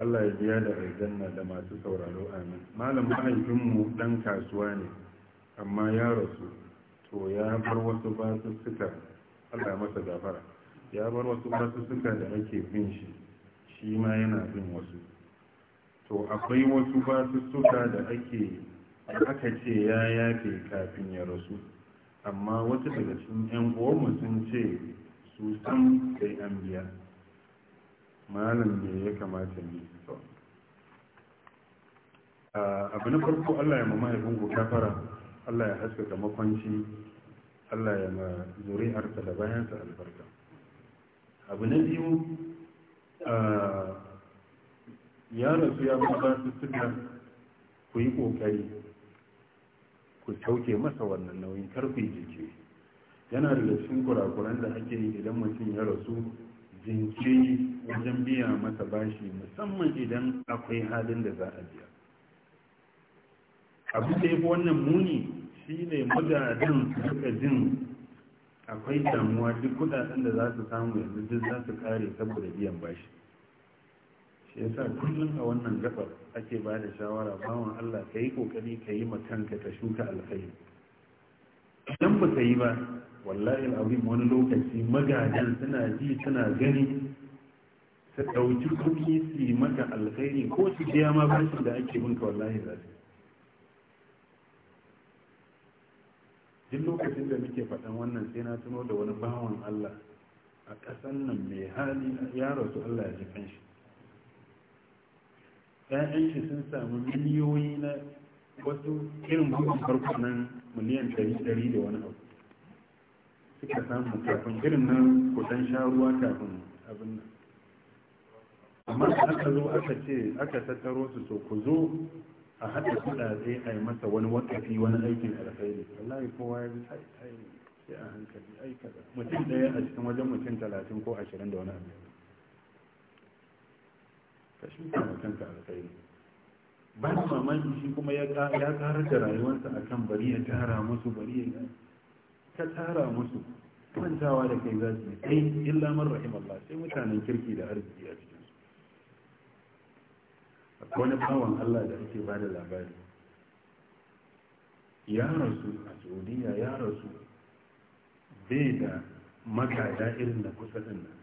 Allah ya biya da aljanna da masu sauraro amin malam mahaifinmu dan kasuwa ne amma ya rasu to ya bar wasu suka Allah ya masa gafara ya bar wasu wasu suka da ake bin shi shi ma yana bin wasu to akwai wasu basu suka da ake aka ce ya yafe kafin ya rasu amma wasu daga cikin 'yan uwanmu sun ce su san sai an biya malam ne ya kamata ne to abu na farko allah ya mamaye gungu kafara allah ya haskaka makwanci allah ya ma zuri'arta da bayansa albarka abu na biyu ya rasu ya ba su suka ku yi ƙoƙari ku tauke masa wannan nauyin karfi jiki yana da cikin kurakuran da ake yi idan mutum ya rasu jinke wajen biya masa bashi musamman idan akwai halin da za a biya abu da ya wannan muni shi ne magadan suka jin akwai damuwa duk kudaden da za su samu yanzu duk za su kare saboda biyan bashi shi yasa kullum a wannan gabar ake ba da shawara bawan Allah ka yi kokari ka yi kanka ka shuka alkhairi idan ba ka yi ba wallahi abin wani lokaci magadan suna ji suna gani su ɗauki kuɗi su yi maka alkhairi ko su biya ma bashin da ake binka wallahi za su duk lokacin da muke faɗan wannan sai na tuno da wani bawan Allah a ƙasan nan mai hali ya rasu Allah ya ji kanshi ‘ya'yan shi sun samu miliyoyi na wasu irin bugun farko nan miliyan ɗari da wani abu suka samu kafin irin nan kusan sha ruwa kafin abin nan amma aka zo aka ce aka tattaro su so ku zo a haɗa kuɗaɗe a yi masa wani wakafi wani aikin alkhairi wallahi kowa ya bi sai sai a hankali aikata mutum ɗaya a cikin wajen mutum talatin ko ashirin da wani abu ka shuka mutum ka alkhairi ba da mamaki shi kuma ya ƙarar da rayuwarsa a kan bari ya tara musu bari ya ka tara musu mantawa da kai za su yi illa man rahimallah sai mutanen kirki da arziki a ciki wani bawan Allah da ake ba da labari ya rasu a saudiya ya rasu bai da magada irin da kusa din nan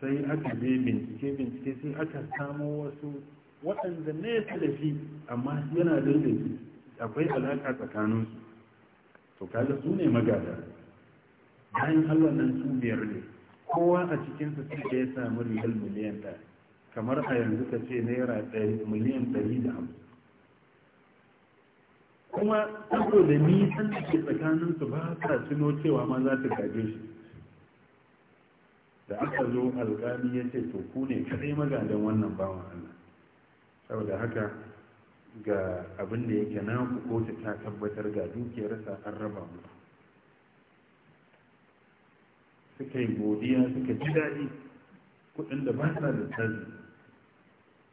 sai aka je bincike bincike sai aka samo wasu waɗanda su da shi amma yana da shi akwai alaƙa tsakaninsu to kaga su ne magada bayan allah nan su biyar ne kowa a cikinsa sai ya samu riyal miliyan ɗaya kamar a yanzu ka ce naira miliyan ɗari da hamsin kuma saboda nisan da ke tsakaninsu ba sa tuno cewa ma za ta gaje shi da aka zo alƙali ya ce to ku ne kadai magadan wannan bawan Allah saboda haka ga abin da yake na ku kotu ta tabbatar ga dukiyarsa an raba mu suka yi godiya suka ji daɗi kuɗin da ba sa da tazi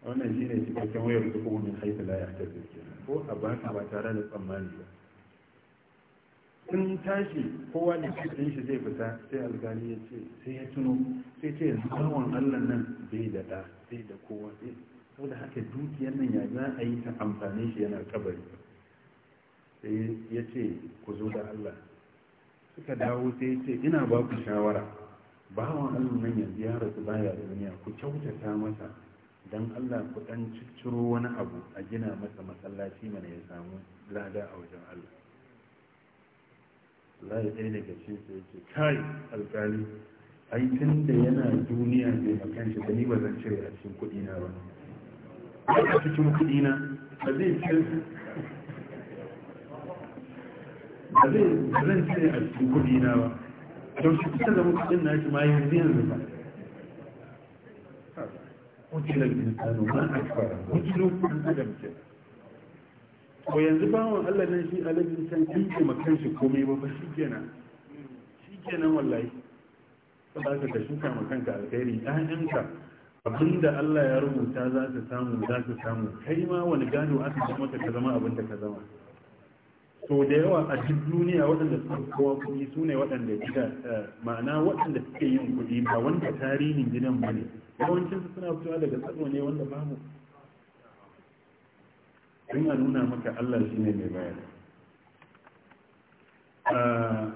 wannan shi ne cikakken wayar da kuma min haifi la ya tafi ko a baka ba tare da tsammani ba in tashi kowa da cikin shi zai fita sai alkali ya ce sai ya tuno sai ce yanzu bawan allah nan bai da ɗa bai da kowa sai da haka dukiyar nan ya za a yi ta amfani shi yana kabari sai ya ce ku zo da allah suka dawo sai ce ina ba ku shawara bawan allah nan yanzu ya rasu baya duniya ku kyautata masa don allah ku dan cicciro wani abu a gina masa masallaci mana ya samu lada a wajen allah allah ya ɗaya daga ce sai ce kai alƙali ai tun da yana duniya ne a kan shi da ni ba zan cire a cikin kuɗi na ba a cikin kuɗi na ba zai cire ba zan cire a cikin kuɗi na ba don shi kusa da mutum ɗin na shi ma yanzu yanzu ba قتل الإنسان ما أكبر قتل أن أدم ko yanzu bawan Allah nan shi alajin san in kuma kanshi komai ba ba shikenan shikenan wallahi saboda ka ka shuka ma kanka alkhairi ka, abinda Allah ya rubuta za ka samu za ka samu kai ma wani gado aka ji ka zama abinda ka zama to da yawa a duk duniya waɗanda suka kowa kuɗi su ne waɗanda suka eh, ma'ana waɗanda suke yin kuɗi ba wanda tarihin gidan ba ne yawancin suna fitowa daga tsaro ne wanda ba mu in a nuna maka allah shi ne mai bayar eh,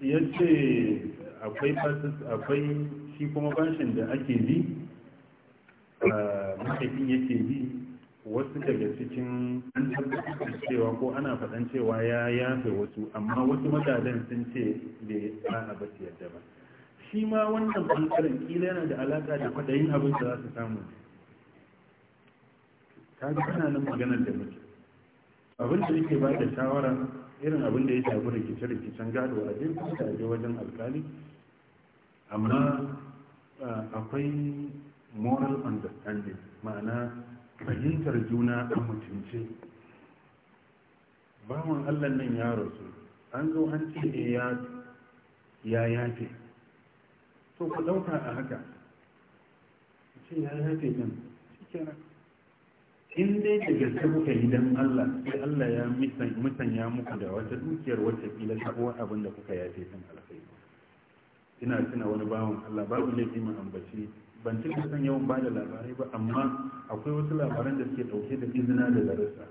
ya ce akwai fasis akwai shi kuma bashin da ake bi eh, mahaifin yake bi wasu daga cikin an tabbatar cewa ko ana faɗan cewa ya yafe wasu amma wasu matadan sun ce bai ba a basu yadda ba shi ma wannan ɓangaren kila yana da alaƙa da kwaɗayin abin da za su samu ta ga ana nan maganar da muke abin da yake ba da shawara irin abin da ya shafi rikice-rikicen gado a je kuma je wajen alkali amma akwai moral understanding ma'ana fahimtar juna a mutunce bawan allah nan ya rasu an zo an ce ne eh, ya yafe to ku ɗauka a haka ce ya yafe nan shikenan in dai da gaske kuka yi don allah sai allah ya musanya muku da wata dukiyar wata kila sabuwar abin da kuka yafe kan alkhairi ina tuna wani bawan allah babu laifin ambaci ban cika san yawan ba da labarai ba amma akwai wasu labaran da suke ɗauke da izina da darasa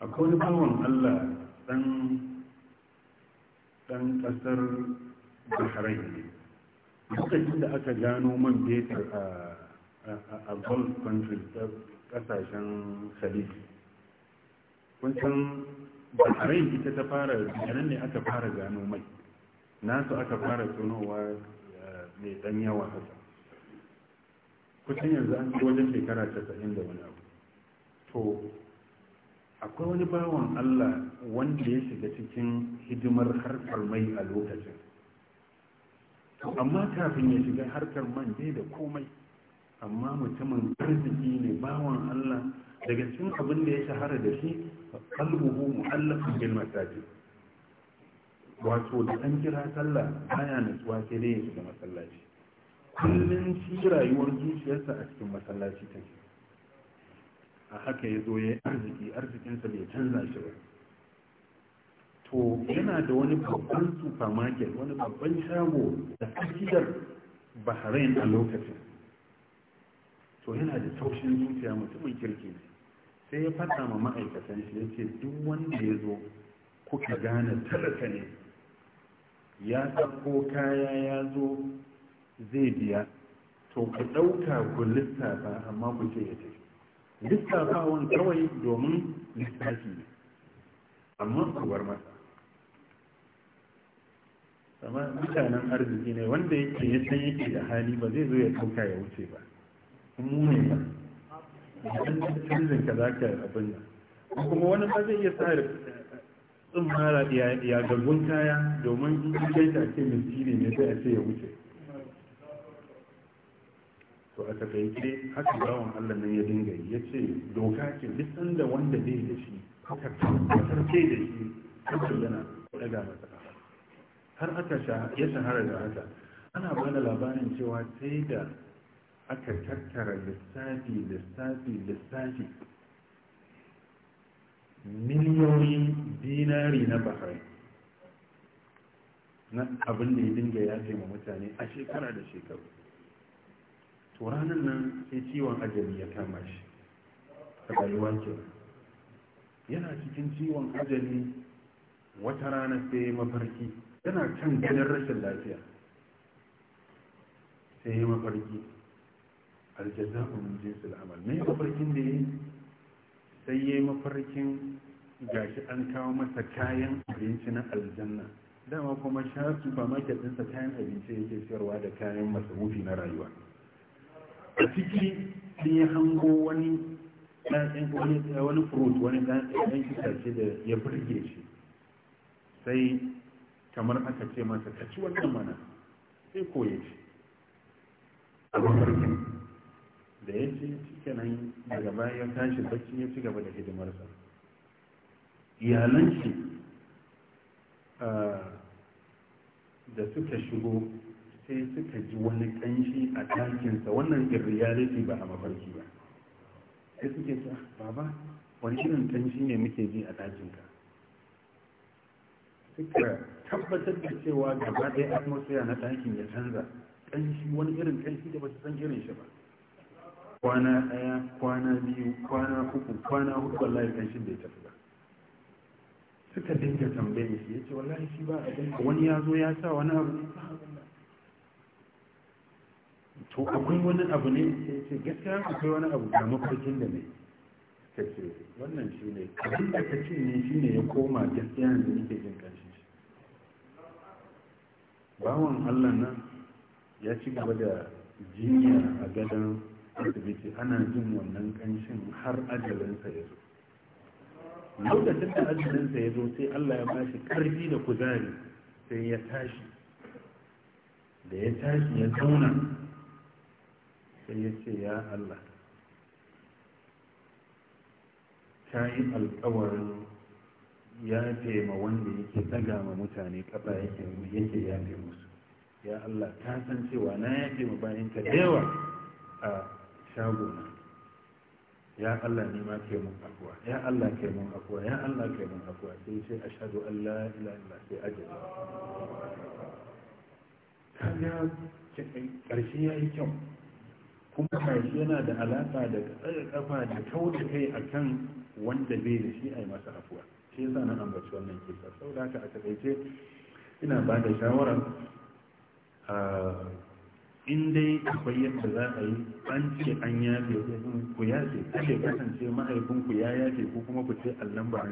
akwai wani bawan allah ɗan dan ƙasar bahrain lokacin da aka gano man betar a gulf country da ƙasashen khalif kun san bahrain ita ta fara nan ne aka fara gano mai nasu aka fara tonowa mai dan yawa haka kusan yanzu an ci wajen shekara casa'in da wani abu to akwai wani bawan allah wanda ya shiga cikin hidimar harkar mai a lokacin amma kafin ya shiga harkar man bai da komai amma mutumin arziki ne bawan allah daga cikin abin da ya shahara da shi kalbuhu mu'allafin bil masajid wato da an kira sallah baya nutsuwa sai dai ya shiga masallaci kullum shi rayuwar zuciyarsa a cikin masallaci ta take a haka ya zo ya yi arziki arzikinsa bai canza shi ba to yana da wani babban supermarket wani babban shago da akidar bahrain a lokacin to yana da taushin zuciya mutumin kirki ne sai ya faɗa ma ma'aikatan shi ya ce duk wanda ya zo kuka gane talaka ne ya ɗauko kaya ya zo zai biya to ku ɗauka ku lissafa amma ku ce ya tafi wani kawai domin lissafi ne amma kuwar masa amma mutanen arziki ne wanda yake ya san yake da hali ba zai zo ya ɗauka ya wuce ba mu ne ba idan canjin ka za ka abin nan kuma wani ba zai iya sa tsumara ya gargun kaya domin in kai ta ce miskini ne sai a ce ya wuce to a takaice haka bawan allah nan ya dinga ya ce doka ce duk da wanda zai da shi haka ce da shi haka yana daga masa har aka ya shahara da haka ana bada labarin cewa sai da aka tattara lissafi lissafi lissafi miliyoyin dinari na bahrain na abin da ya dinga ya ma mutane a shekara da shekaru to ranar nan sai ciwon ajali ya kama shi a rayuwa ke yana cikin ciwon ajali wata rana sai mafarki yana can ganin rashin lafiya sai mafarki aljaza'un jinsul amal yi mafarkin da ya sai yi mafarkin gashi an kawo masa kayan abinci na aljanna dama kuma sha supermarket ɗinsa kayan abinci yake siyarwa da kayan masarufi na rayuwa a ciki sun yi hango wani wani fruit wani ɗan itace da ya burge shi sai kamar aka ce masa ka ci wannan mana sai koye shi a mafarkin da ya ci nan daga baya ya tashi bacci ya ci gaba da hidimarsa iyalan shi da suka shigo sai suka ji wani kanshi a ɗakinsa wannan ya ba a mafarki ba sai suke ce baba wani irin kanshi ne muke ji a ɗakinka suka tabbatar da cewa gaba ɗaya atmosphere na ɗakin ya canza kanshi wani irin kanshi da ba su san irin shi ba kwana ɗaya kwana biyu kwana uku kwana uku wallahi shi bai tafi ba suka dinga tambaye shi ya ce wallahi shi ba abin wani ya zo ya sa wani abu ne to akwai wani abu ne sai ce gaskiya akwai wani abu ga mafarkin da ne ka ce wannan shi ne abin da ka ce ne shi ne ya koma gaskiya da nake jin kanshi bawan allah nan ya ci gaba da jinya a gadon annabi yake ana jin wannan kanshin har ajalinsa ya zo lokacin da ajalinsa ya zo sai Allah ya bashi karfi da kuzari sai ya tashi da ya tashi ya zauna sai ya ce ya Allah ta yi alkawarin ya ma wanda yake daga ma mutane kafa yake yake yafe musu ya Allah ta san cewa na yafe ma bayan ka da yawa a shagona ya Allah ni ma kai mun afuwa ya Allah kai mun afuwa ya Allah kai mun afuwa sai sai ashhadu an la ilaha illa sai ajaza kaga karshe yayi kyau kuma karshe yana da alaka da tsaye kafa da kauda kai akan wanda bai da shi ai masa afuwa shi yasa na ambaci wannan kisa saboda haka a takaice ina ba da shawara ah, in dai akwai yadda za a yi an ce an yafe ku yafe kashe kasance mahaifinku ya yafe ko kuma ku ce allon ba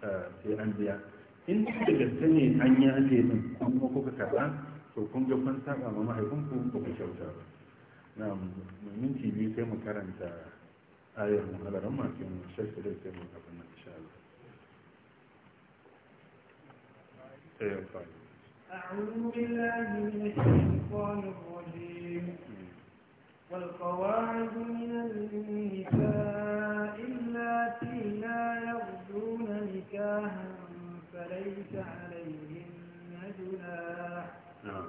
sai an biya in da gaske ne an yafe din kuma kuka karɓa to kun ga kun saba ma mahaifinku ko ku kyauta ba na minti biyu sai mu karanta ayar mu halaran masu shakka da sai mu abin nan insha Allah. Eh, أعوذ بالله من الشيطان الرجيم والقواعد من النساء اللاتي لا يرجون نكاها فليس عليهن جناح نعم.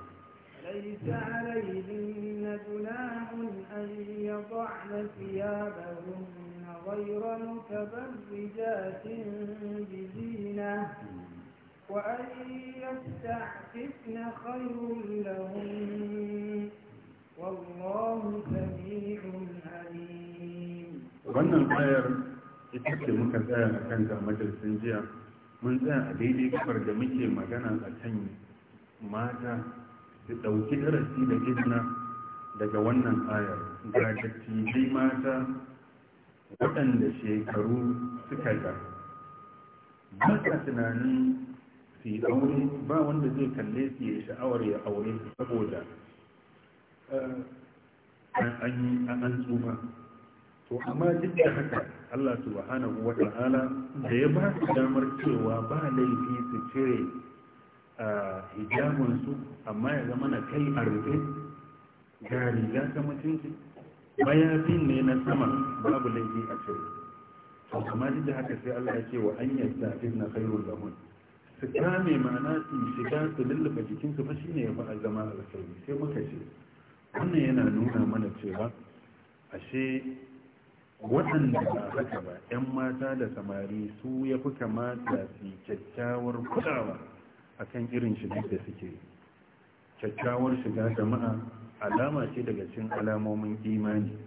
ليس عليهن جناح أن يضعن ثيابهن غير متبرجات بزينة وأن يستعففن خير لهم والله سميع عليم wannan ayar ita ce muka tsaya a kan da majalisun jiya mun tsaya a daidai kafar da muke magana a kan mata su ɗauki darasi da izina daga wannan ayar ga dattijai mata waɗanda shekaru suka ga ba tunanin su aure ba wanda zai kalle su ya sha'awar ya aure saboda eh, an yi an tsufa to amma duk da haka Allah subhanahu wa ta'ala da ya ba su damar cewa ba laifi su cire eh, hijabinsu amma ya zama na kai a rufe ga riga ta mutunci mayafin ne na sama babu laifi a cire to amma duk da haka sai Allah ya ce wa an yasta na kai lahun su mai mana su shiga su lullufa jikinsu fa shine ya fi zama alkhairi sai muka ce wannan yana nuna mana cewa ashe waɗanda ba haka ba 'yan mata da samari su ya fi kamata su kyakkyawar kulawa a kan irin shiga da suke kyakkyawar shiga jama'a alama ce daga cin alamomin imani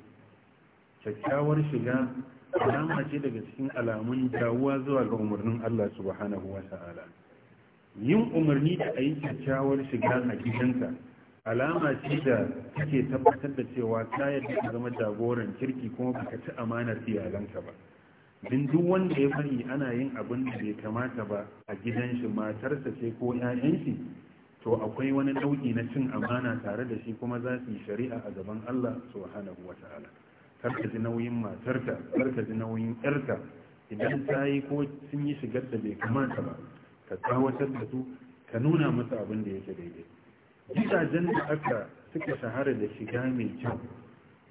kyakkyawar shiga alama ce daga cikin alamun dawowa zuwa ga umarnin Allah subhanahu wa ta'ala yin umarni da a yi kyakkyawar shiga a gidanka alama ce da take tabbatar da cewa ta yadda ka zama jagoran kirki kuma baka ci amanar iyalanka ba din duk wanda ya bari ana yin abin da bai kamata ba a gidan shi matarsa ce ko 'ya'yanshi, shi to akwai wani nau'i na cin amana tare da shi kuma za su yi shari'a a gaban Allah subhanahu wa ta'ala karka ji nauyin matarka karka ji nauyin yarka idan ta yi ko sun yi shigar da bai kamata ba ka tsawatar da su ka nuna musu abin da yake daidai gidajen da aka suka shahara da shiga mai kyau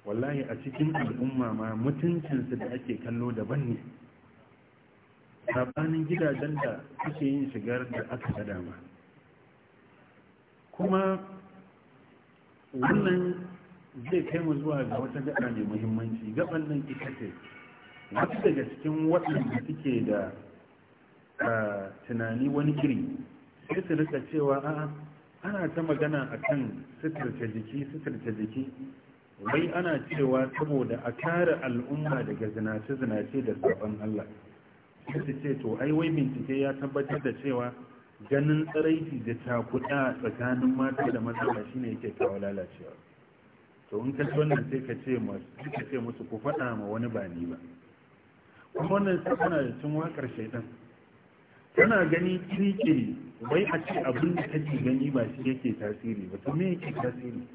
wallahi a cikin al'umma ma mutuncinsu da ake kallo daban ne sabanin gidajen da suke yin shigar da aka ga dama kuma wannan zai kai mu zuwa ga wata gaba mai muhimmanci gaban nan ita ce wasu daga cikin waɗanda suke da tunani wani kiri sai su rika cewa a'a ana ta magana a kan suturta jiki suturta jiki wai ana cewa saboda a kare al'umma daga zinace-zinace da sabon Allah sai su ce to ai wai bincike ya tabbatar da cewa ganin tsaraiti da takuɗa tsakanin mata da maza shine yake kawo lalacewa to in kashi wannan sai ka ce masu ka ce musu ku faɗa ma wani ba ni ba kuma wannan sai kana da cin wakar shaidan tana gani kirkiri wai a ce abin da kake gani ba shi yake tasiri ba to me yake tasiri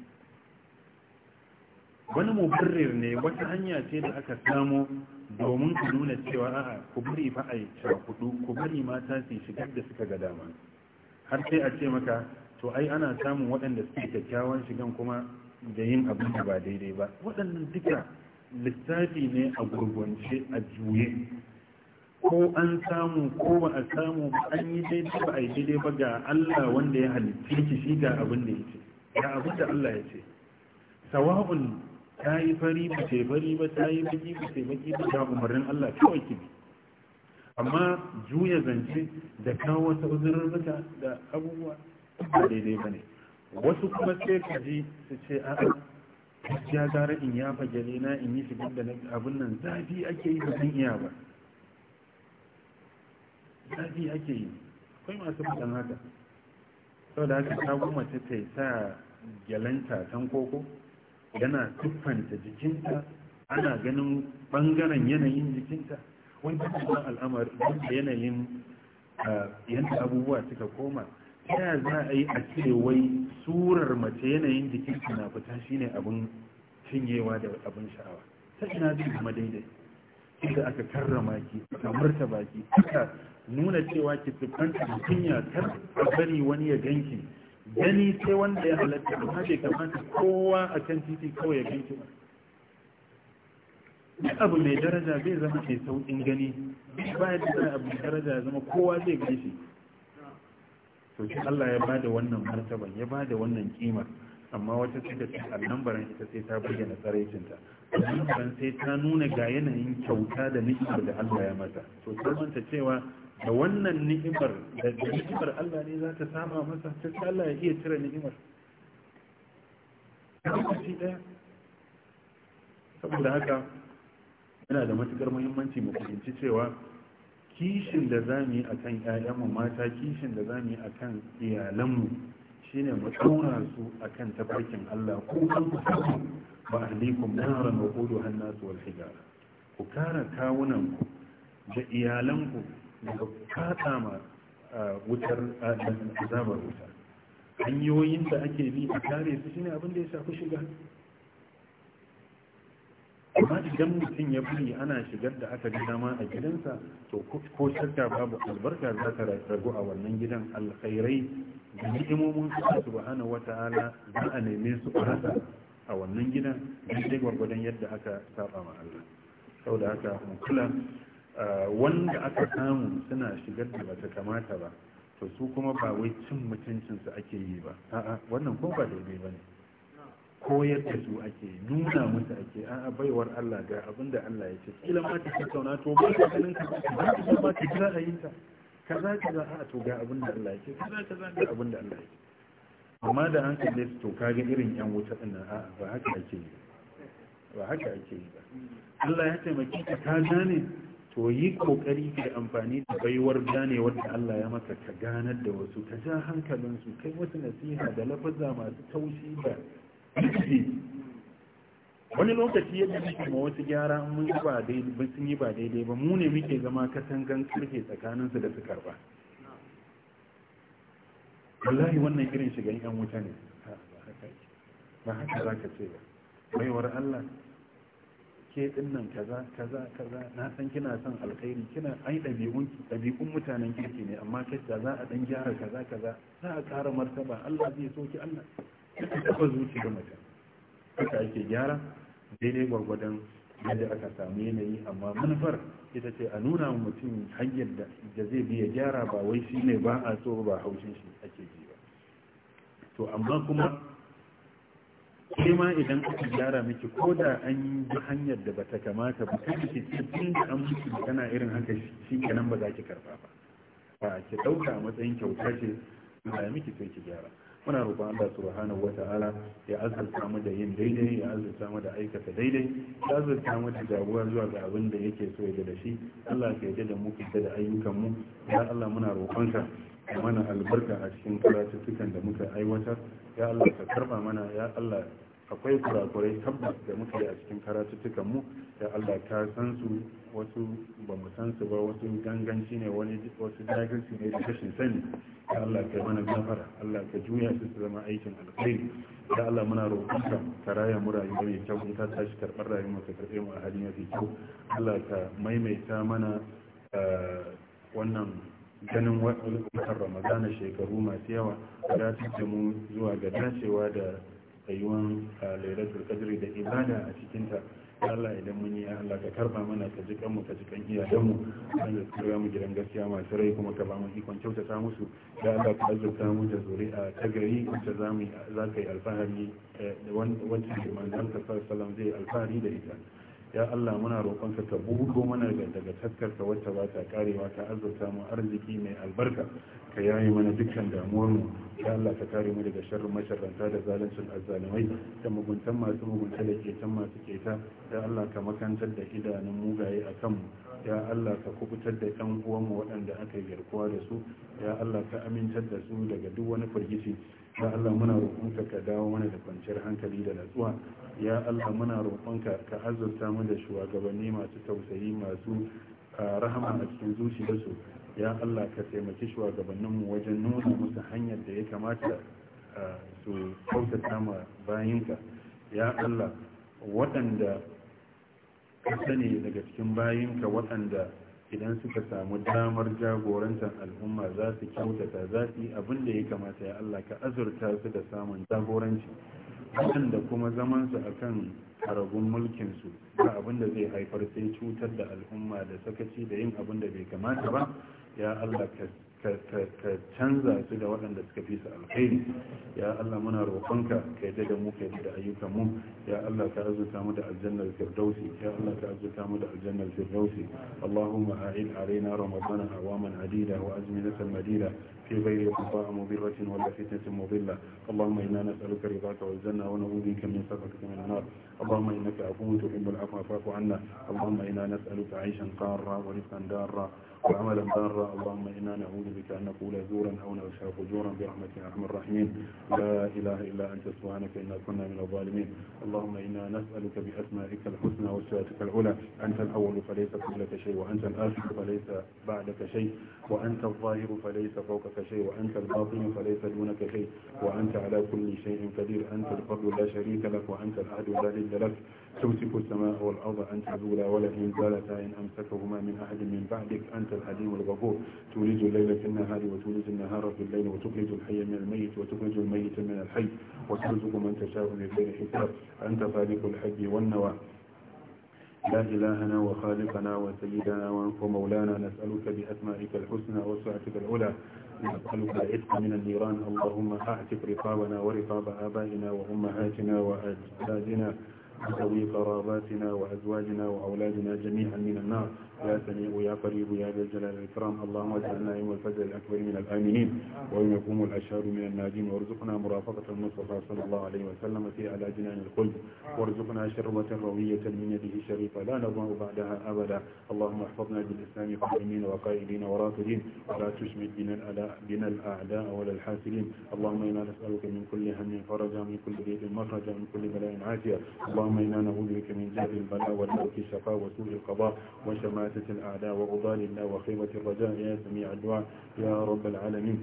wani mubarrir ne wata hanya ce da aka samo domin ku nuna cewa a'a ku bari fa a yi kuɗu ku bari mata su shigar da suka ga dama har sai a ce maka to ai ana samun waɗanda suke kyakkyawan shigan kuma da yin abin da ba daidai ba waɗannan duka lissafi ne a gurgunce a juye ko an samu ko ba a samu ba an yi daidai ba a yi daidai ba ga Allah wanda ya halitta ki shi ga abin da yake ga abin da Allah ya ce sawa'un ta yi fari ba ce fari ba ta yi baki ba ce baki ba ga umarnin Allah kawai ki bi amma juya zance da kawo wata uzurruka da abubuwa ba daidai ba ne wasu kuma sai ka ji su ce a ya gara in ya fage na in yi shigar da abin nan zafi ake yi ba iya ba zafi ake yi kai masu fadan haka sau da haka ta goma ta ta sa gyalanta can koko yana tuffanta jikinta ana ganin bangaren yanayin jikinta wani kuma al'amari yadda yanayin ah, yadda abubuwa suka koma ta za a yi a ce wai surar mace yanayin jikin na fita shine abin cinyewa da abin sha'awa ta ina zai kuma daidai inda aka karrama ki aka martaba baki aka nuna cewa ki siffanta da kunya kar a bari wani ya ganki gani sai wanda ya halatta amma bai kamata kowa a kan titi kawai ya ganki ba duk abu mai daraja zai zama mai sauƙin gani ba ya da abu mai daraja ya zama kowa zai shi. to shi Allah ya bada wannan martaban ya bada wannan kimar amma wata ce da annabaran ita sai ta bayyana tsaraicinta annabaran sai ta nuna ga yanayin kyauta da ni'imar da Allah ya mata to ta cewa da wannan ni'imar da ni'imar Allah ne za ta sama masa sai Allah ya iya cire ni'imar saboda haka yana da matukar muhimmanci mu fahimci cewa kishin da za mu yi a kan ‘ya'yanmu mata kishin da za mu yi a kan iyalanmu shi ne mu su a kan tafarkin Allah ko kan ku sabu ba a likun ɗaran na kudu hannasu wasu gara ku kara kawunanku da iyalanku daga kata ma wutar azabar wuta hanyoyin da ake bi a kare su shi ne abin da ya shafi shiga amma idan mutum ya buri ana shigar da aka gida ma a gidansa to ko shakka babu albarka za ta ragu a wannan gidan alkhairai da ni'imomin Allah subhanahu wata'ala za a neme su a rasa a wannan gidan daidai gwargwadon yadda aka saba ma Allah saboda haka mu kula wanda aka samu suna shigar da bata kamata ba to su kuma ba wai cin mutuncinsu ake yi ba a'a wannan ko ba daidai bane koyar da su ake nuna musu ake an baiwar Allah ga abin da Allah ya ce kila ma ta tattauna to ba ka ganin ka ba ka ba ka jira ta. kaza kaza a to ga abin da Allah ya ce kaza kaza ga abin da Allah ya ce amma da an kalle su to kaga irin yan wuta din nan a'a ba haka ake yi ba haka ake yi ba Allah ya taimake ka ka gane to yi kokari ka amfani da baiwar gane wanda Allah ya maka ka ganar da wasu ka ja hankalinsu kai wasu nasiha da lafazza masu taushi ba. wani lokaci yadda muke ma wasu gyara mun yi ba daidai sun yi ba daidai ba mu ne muke zama katangan karfe tsakaninsu da su karba wallahi wannan irin shigan yan wuta ne ba haka za ka ce ba baiwar Allah ke dinnan kaza kaza kaza na san kina son alkhairi kina ai dabi'un dabi'un mutanen kirki ne amma kai za a dan gyara kaza kaza za a ƙara martaba Allah zai soki Allah ta taɓa da mutum haka ake gyara daidai gwargwadon yadda aka samu yanayi amma manufar ita ce a nuna mutum hanyar da zai biya gyara ba wai shi ne ba a so ba haushin shi ake ji ba to amma kuma ma idan aka gyara miki ko da an yi hanyar da bata kamata ba kai ki ce tun da an miki tana irin haka shi kenan ba za ki karfa ba ba ki ɗauka a matsayin kyauta ce ba miki sai ki gyara muna roƙon Allah subhanahu wata'ala ya azurta mu da yin daidai ya azurta mu da aikata daidai ya azurta mu da jagora zuwa ga abin da yake so ya da shi Allah ke yarda da mu kinta da ayyukan mu ya Allah muna roƙon ka mana albarka a cikin karatuttukan da muka aiwatar ya Allah ka karba mana ya Allah akwai kurakurai tabbas da muke a cikin karatuttukan mu da Allah ka san su wasu ba mu san su ba wasu ganganci ne wani wasu jahilci ne da kashin sani da Allah ka mana gafara Allah ka juya su su zama aikin alkhairi da Allah muna roƙonka ka raya mu rayuwa mai kyau ta ka tashi karɓar rayuwa ka karɓe mu a hali mafi kyau Allah ka maimaita mana eh, wannan ganin watan ramadana shekaru masu yawa da mu zuwa ga dacewa da tsayuwan ah, lairatul kadri da ibada a cikinta Allah idan mun yi Allah ka karba mana ka ji kanmu ka ji kan iyayenmu an yi kira mu gidan gaskiya masu rai kuma ka ba mu ikon kyautata musu da Allah ka azurta mu da zuri'a ta tagari wacce za mu za ka yi alfahari eh, wancan ka zai alfahari da ita ya Allah muna roƙonka ka buɗo mana daga taskarka wacce ba ta karewa ta azurta mu arziki mai albarka ka yaye mana dukkan damuwarmu ya Allah ka kare mu daga sharrin masharranta da zaluncin azzalimai da muguntan masu mugunta da ketan masu keta ya Allah ka makantar da idanun mugaye a kanmu ya Allah ka kubutar da ɗan uwanmu waɗanda aka yi garkuwa da su ya Allah ka amintar da su daga duk wani firgici ya Allah muna roƙonka ka dawo mana da kwanciyar hankali da natsuwa ya Allah muna roƙonka ka azurta mu da shugabanni masu tausayi masu ah, rahama a cikin zuciyarsu ya Allah ka taimaki shugabanninmu wajen nuna musu hanyar da ya kamata su kautata ma bayinka ya Allah waɗanda ka sani daga cikin bayinka waɗanda idan suka samu damar jagorantar al'umma za su kyautata za su yi abin da ya kamata ya Allah ka azurta su da samun jagoranci waɗanda kuma zamansu a kan haragun mulkinsu ba abin da zai haifar sai cutar da al'umma da sakaci da yin abin da bai kamata ba ya Allah ka canza su da waɗanda suka fi su alkhairi ya Allah muna roƙonka ka yadda da mu ka yadda da ayyukan mu ya Allah ka arzuta mu da aljannar firdausi ya Allah ka arzuta mu da aljannar firdausi Allahumma a'id alaina ramadana awaman adida wa azminatan madida في غير قضاء مضرة ولا فتنة مضلة اللهم إنا نسألك رضاك والجنة ونعوذ بك من سخطك من النار اللهم إنك عفو تحب العفو فاعف عنا اللهم إنا نسألك عيشا قارا ورزقا دارا وعملا بارا اللهم إنا نعوذ بك أن نقول زورا أو نشاء فجورا برحمتك يا أرحم الراحمين لا إله إلا أنت سبحانك إنا كنا من الظالمين اللهم إنا نسألك بأسمائك الحسنى وصفاتك العلى أنت الأول فليس قبلك شيء وأنت الآخر فليس بعدك شيء وأنت الظاهر فليس فوقك شيء وأنت الباطن فليس دونك شيء وأنت على كل شيء قدير أنت الفضل لا شريك لك وأنت الأحد لا جد لك تمسك السماء والأرض أن تزولا ولئن زالتا إن أمسكهما من أحد من بعدك أنت الحليم الغفور تولد الليل في النهار وتولد النهار في الليل وتخرج الحي من الميت وتخرج الميت من الحي وترزق من تشاء لغير حساب أنت خالق الحي والنوى لا إلهنا وخالقنا وسيدنا ومولانا نسألك بأسمائك الحسنى وسعتك العلى نسألك العتق من النيران اللهم أعتق رقابنا ورقاب آبائنا وأمهاتنا وأجدادنا عن ذوي قراباتنا وأزواجنا وأولادنا جميعا من النار يا سميع يا قريب يا ذا الجلال والإكرام اللهم اجعلنا يوم الفجر الأكبر من الآمنين ويوم يقوم الأشهر من الناجين وارزقنا مرافقة المصطفى صلى الله عليه وسلم في على جنان الخلد وارزقنا شربة روية من يده الشريفة لا نظمع بعدها أبدا اللهم احفظنا بالإسلام قائمين وقائلين ورافدين ولا تشمت بنا, بنا الأعداء ولا الحاسدين اللهم إنا نسألك من كل هم فرجا من كل بيت مخرجا من كل بلاء عافية اللهم إنا نعوذ بك من جهل البلاء والموت الشقاء وسوء القضاء وشمال وشماتة الأعداء وغضال الله وخيمة الرجاء يا سميع الدعاء يا رب العالمين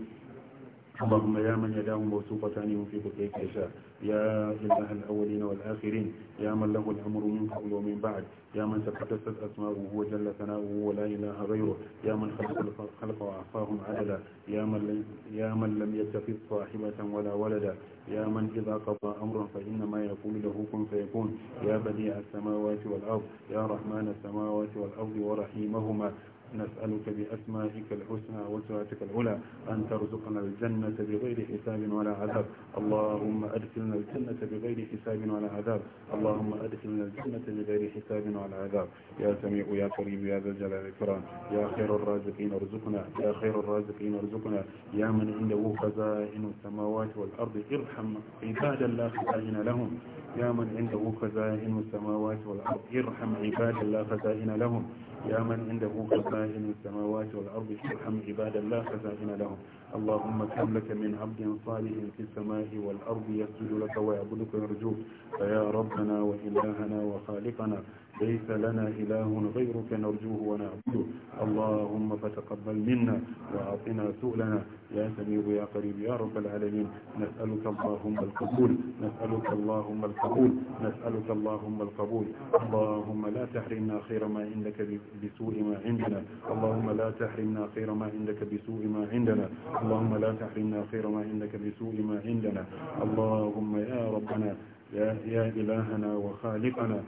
اللهم يا من يداه موثوقتان في قتلك يشاء يا إله الأولين والآخرين يا من له الأمر من قبل ومن بعد يا من تقدست أسماؤه وجل ثناؤه ولا إله غيره يا من خلق خلق وأعصاهم عددا يا من يا من لم يتخذ صاحبة ولا ولدا يا من إذا قضى أمرا فإنما يقول له كن فيكون يا بديع السماوات والأرض يا رحمن السماوات والأرض ورحيمهما نسألك بأسمائك الحسنى وسعتك العلى أن ترزقنا الجنة بغير حساب ولا عذاب اللهم أدخلنا الجنة بغير حساب ولا عذاب اللهم أدخلنا الجنة بغير حساب ولا عذاب يا سميع يا قريب يا ذا الجلال والإكرام يا خير الرازقين ارزقنا يا خير الرازقين ارزقنا يا من عنده خزائن السماوات والأرض ارحم عبادا لا خزائن لهم يا من عنده خزائن السماوات والأرض ارحم عبادا لا خزائن لهم يا من عنده خزائن السماوات والأرض ارحم عبادا لا خزائن لهم اللهم كم لك من عبد صالح في السماء والأرض يسجد لك ويعبدك ويرجوك فيا ربنا وإلهنا وخالقنا ليس لنا إله غيرك نرجوه ونعبده اللهم فتقبل منا وأعطنا سؤلنا يا سميع يا قريب يا رب العالمين نسألك اللهم القبول نسألك اللهم القبول نسألك اللهم القبول اللهم لا تحرمنا خير ما عندك بسوء ما عندنا اللهم لا تحرمنا خير ما عندك بسوء ما عندنا اللهم لا تحرمنا خير ما عندك بسوء ما عندنا اللهم يا ربنا يا, يا إلهنا وخالقنا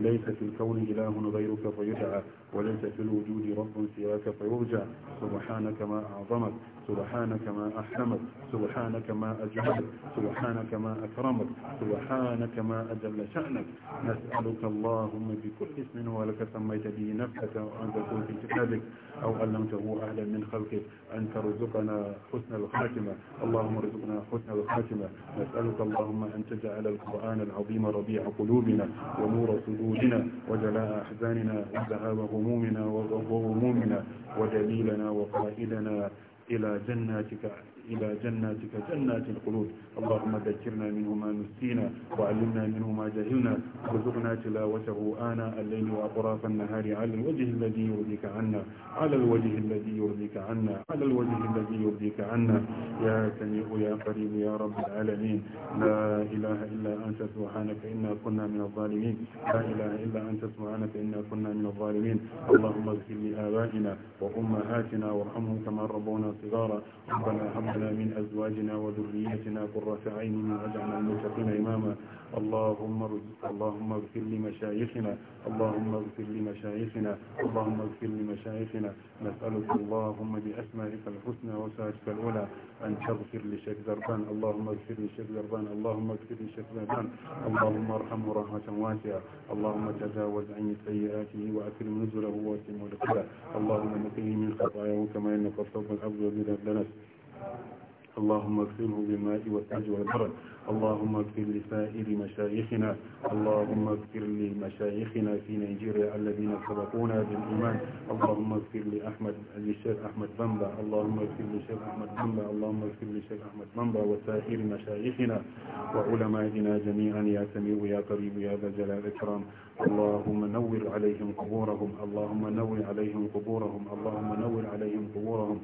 ليس في الكون إله غيرك فيدعى وليس في الوجود رب سواك فيرجع سبحانك ما أعظمك سبحانك ما أحرمك سبحانك ما أجهد سبحانك ما أكرمك سبحانك ما أجل شأنك نسألك اللهم بكل اسم ولك سميت به نفسك وأن تكون في كتابك أو علمته أهلا من خلقك أن ترزقنا حسن الخاتمة اللهم ارزقنا حسن الخاتمة نسألك اللهم أن تجعل القرآن العظيم ربيع قلوبنا ونور صدورنا وجلاء أحزاننا وذهاب همومنا وغمومنا ودليلنا وقائدنا إلى جناتك إلى جناتك جنات الخلود اللهم ذكرنا منه ما نسينا وعلمنا منه ما جهلنا وارزقنا تلاوته آناء الليل وأطراف النهار على الوجه الذي يرضيك عنا على الوجه الذي يرضيك عنا على الوجه الذي يرضيك عنا يا سميع يا قريب يا رب العالمين لا إله إلا أنت سبحانك إنا كنا من الظالمين لا إله إلا أنت سبحانك إنا كنا من الظالمين اللهم اغفر لآبائنا وأمهاتنا وارحمهم كما ربونا وصغارا ربنا هب لنا من أزواجنا وذريتنا قرة عين واجعلنا المتقين إماما اللهم اللهم اغفر لمشايخنا اللهم اغفر لمشايخنا اللهم اغفر لمشايخنا نسألك اللهم بأسمائك الحسنى وسائرك الأولى أن تغفر لشيخ زربان اللهم اغفر لشيخ زربان اللهم اغفر لشيخ زربان اللهم ارحمه رحمة واسعة اللهم تجاوز عن سيئاته وأكرم نزله واسع ودخله اللهم نقيه من خطاياه كما إنك الصوت الأبيض من الدنس اللهم اغفره بالماء والثلج والبرد اللهم اغفر لسائر مشايخنا اللهم اغفر لمشايخنا في نيجيريا الذين سبقونا بالإيمان اللهم اغفر لأحمد للشيخ أحمد بنبا اللهم اغفر للشيخ أحمد بنبا اللهم اغفر للشيخ أحمد بنبا وسائر مشايخنا وعلمائنا جميعا يا سميع يا قريب يا ذا الجلال والإكرام اللهم نور عليهم قبورهم اللهم نور عليهم قبورهم اللهم نور عليهم قبورهم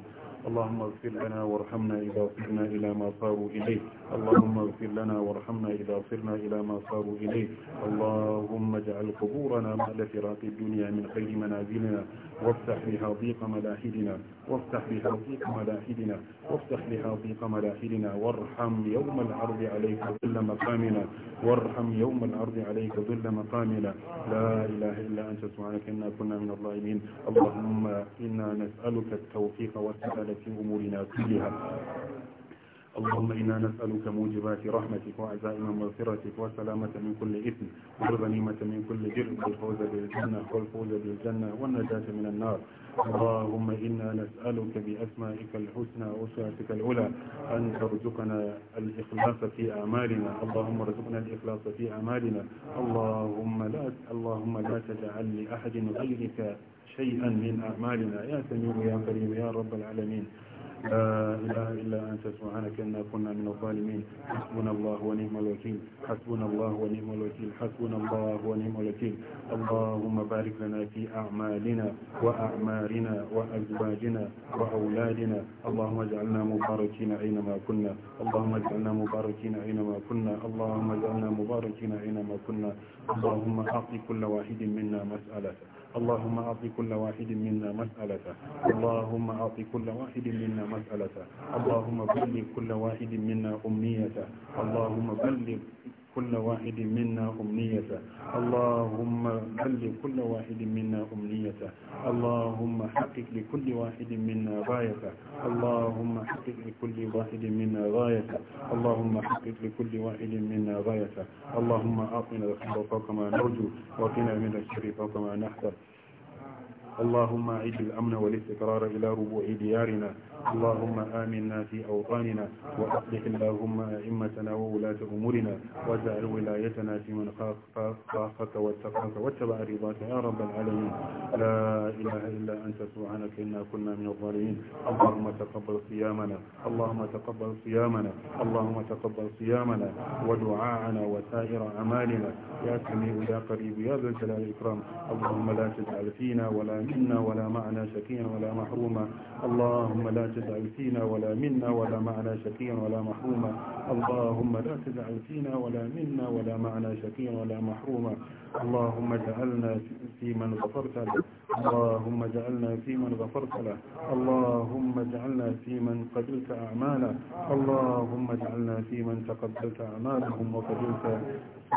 اللهم اغفر لنا وارحمنا إذا صرنا إلى ما صاروا إليه اللهم اغفر لنا وارحمنا إذا صرنا إلى ما صاروا إليه اللهم اجعل قبورنا مهل فراق الدنيا من خير منازلنا وافتح بها ضيق ملاحدنا وافتح بها ضيق ملاحدنا وافتح بها ضيق ملاحدنا وارحم يوم العرض عليك ظل مقامنا وارحم يوم العرض عليك ظل مقامنا لا إله إلا أنت سبحانك إنا كنا من الظالمين اللهم إنا نسألك التوفيق والسعادة في أمورنا كلها اللهم إنا نسألك موجبات رحمتك وعزائم مغفرتك وسلامة من كل إثم والغنيمة من كل جرم والفوز بالجنة والفوز بالجنة والنجاة من النار اللهم إنا نسألك بأسمائك الحسنى وصفاتك العلى أن ترزقنا الإخلاص في أعمالنا اللهم ارزقنا الإخلاص في أعمالنا اللهم لا اللهم لا تجعل لأحد غيرك شيئا من أعمالنا يا سميع يا كريم يا رب العالمين لا إله إلا أنت سبحانك إنا كنا من الظالمين حسبنا الله ونعم الوكيل حسبنا الله ونعم الوكيل حسبنا الله ونعم الوكيل اللهم بارك لنا في أعمالنا وأعمارنا وأزواجنا وأولادنا اللهم اجعلنا مباركين أينما كنا اللهم اجعلنا مباركين أينما كنا اللهم اجعلنا مباركين أينما كنا اللهم أعط كل واحد منا مسألته اللهم أعط كل واحد منا مسألته اللهم أعط كل واحد منا مسألته اللهم بلغ كل واحد منا أمنيته اللهم بلغ كل واحد منا أمنيته اللهم بلغ كل واحد منا أمنيته اللهم حقق لكل واحد منا غايته اللهم حقق لكل واحد منا غايته اللهم حقق لكل واحد منا غايته اللهم أعطنا الخير فوق ما نرجو واعطنا من الشر فوق ما نحذر اللهم أعد الأمن والاستقرار إلى ربوع ديارنا اللهم آمنا في أوطاننا وأصلح اللهم أئمتنا وولاة أمورنا واجعل ولايتنا في من خافك واتقاك واتبع رضاك يا رب العالمين لا إله إلا أنت سبحانك إنا كنا من الظالمين اللهم تقبل صيامنا اللهم تقبل صيامنا اللهم تقبل صيامنا ودعاءنا وسائر أعمالنا يا سميع يا قريب يا ذا الجلال والإكرام اللهم لا تجعل فينا ولا منا ولا معنا شقيا ولا محروما اللهم لا تدع فينا ولا منا ولا معنا شقيا ولا محروما اللهم لا تدع فينا ولا منا ولا معنا شقيا ولا محروما اللهم اجعلنا في من غفرت له اللهم اجعلنا فيمن غفرت له اللهم اجعلنا فيمن قبلت أعماله اللهم اجعلنا فيمن تقبلت أعمالهم وقبلت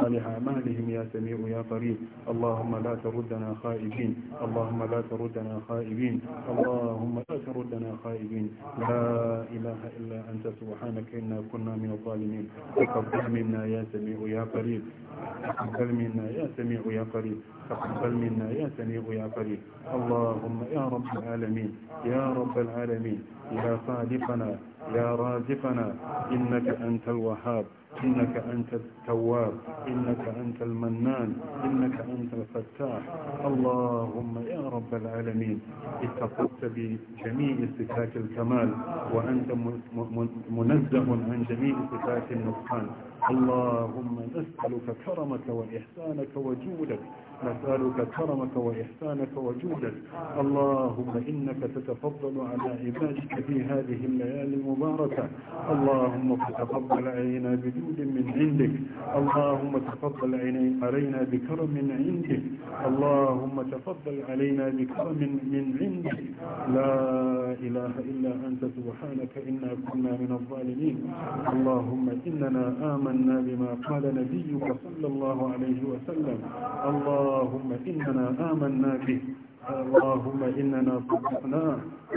صالح أعمالهم يا سميع يا قريب اللهم لا تردنا خائبين اللهم لا تردنا خائبين اللهم لا تردنا خائبين لا إله إلا أنت سبحانك إنا كنا من الظالمين تقبل منا يا سميع يا قريب تقبل منا يا سميع يا قريب تقبل منا يا سميع يا قريب اللهم يا رب العالمين يا رب العالمين يا خالقنا يا رازقنا إنك أنت الوهاب إنك أنت التواب إنك أنت المنان إنك أنت الفتاح اللهم يا رب العالمين اتقدت بجميع صفات الكمال وأنت منزه عن جميع صفات النقصان اللهم نسألك كرمك وإحسانك وجودك نسألك كرمك وإحسانك وجودك اللهم إنك تتفضل على عبادك في هذه الليالي المباركة اللهم تتفضل علينا بجود من عندك اللهم تفضل علينا بكرم من عندك اللهم تفضل علينا بكرم من عندك لا إله إلا أنت سبحانك إنا كنا من الظالمين اللهم إننا آمنا آمنا بما قال نبيك صلى الله عليه وسلم اللهم إننا آمنا به اللهم إننا صدقنا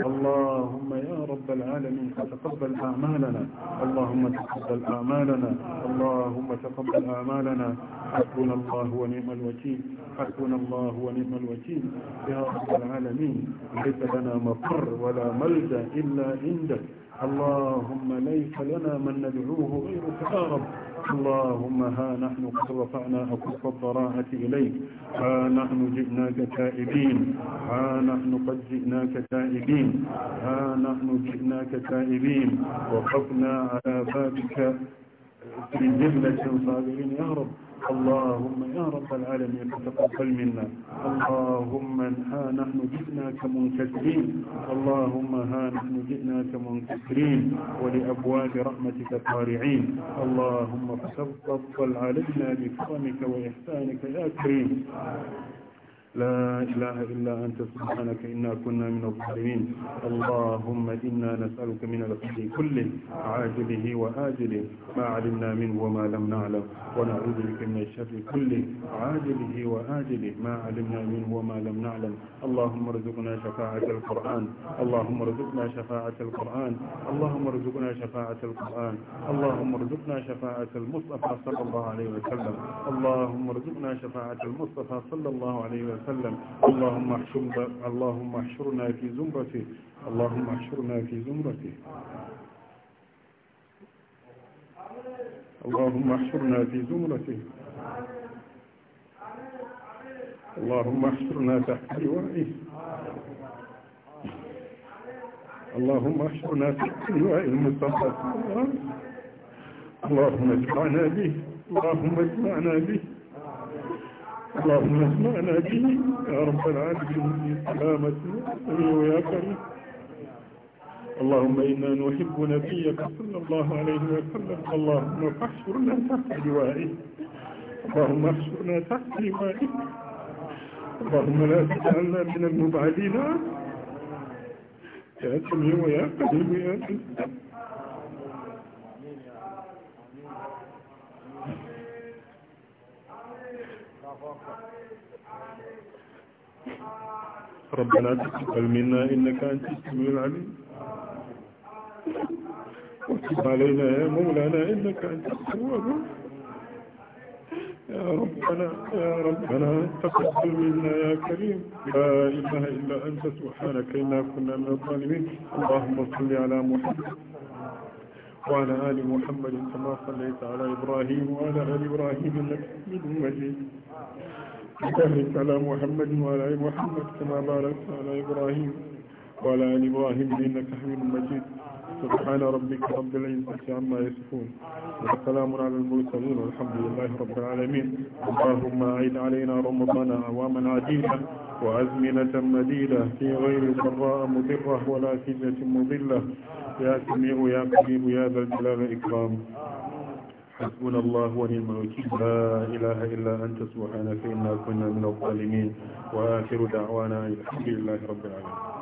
اللهم يا رب العالمين فتقبل أعمالنا اللهم تقبل أعمالنا اللهم تقبل أعمالنا حسبنا الله ونعم الوكيل حسبنا الله ونعم الوكيل يا رب العالمين ليس لنا مقر ولا ملجأ إلا عندك اللهم ليس لنا من ندعوه غيرك يا رب اللهم ها نحن قد رفعنا أكف الضراعة إليك ها نحن جئناك تائبين ها نحن قد جئناك تائبين ها نحن جئناك تائبين وقفنا على بابك في جملة صابرين يا رب اللهم يا رب العالمين فتقبل منا اللهم ها نحن جئنا كمنكسرين اللهم ها نحن جئنا كمنكسرين ولأبواب رحمتك طارعين اللهم فتقبل علينا بكرمك وإحسانك يا كريم لا إله إلا أنت سبحانك إنا كنا من الظالمين اللهم إنا نسألك من الخير كله عاجله وآجله ما علمنا منه وما لم نعلم ونعوذ بك من الشر كله عاجله وآجله ما علمنا منه وما لم نعلم اللهم ارزقنا شفاعة القرآن اللهم ارزقنا شفاعة القرآن اللهم ارزقنا شفاعة القرآن اللهم ارزقنا شفاعة المصطفى صلى الله عليه وسلم اللهم ارزقنا شفاعة المصطفى صلى الله عليه وسلم وسلم اللهم احشرنا اللهم احشرنا في زمرته اللهم احشرنا في زمرته اللهم احشرنا في زمرته اللهم احشرنا تحت لوائه اللهم احشرنا تحت لواء المصطفى اللهم اجمعنا به اللهم اجمعنا به اللهم اسمعنا به يا رب العالمين سلامتنا ويا كريم اللهم إنا نحب نبيك صلى الله عليه وسلم اللهم فاحشرنا تحت لوائه اللهم احشرنا تحت لوائه اللهم لا تجعلنا من المبعدين عنه يا سميع ويا قديم يا سميع ربنا تقبل منا إنك أنت السميع العليم وتب علينا يا مولانا إنك أنت العليم. يا ربنا يا ربنا تقبل منا يا كريم لا إله إلا أنت سبحانك إنا كنا من الظالمين اللهم صل على محمد وعلى آل محمد كما صليت على إبراهيم وعلى آل إبراهيم إنك حميد مجيد وبارك على محمد وعلى ال محمد كما باركت على ابراهيم وعلى ال ابراهيم انك حميد مجيد سبحان ربك رب العزه عما يصفون وسلام على المرسلين والحمد لله رب العالمين اللهم اعد علينا رمضان اعواما عديده وازمنه مديده في غير ضراء مضره ولا فتنه مضله يا سميع يا قريب يا ذا الجلال والاكرام حسبنا الله ونعم الوكيل لا إله إلا أنت سبحانك إنا كنا من الظالمين وآخر دعوانا الحمد لله رب العالمين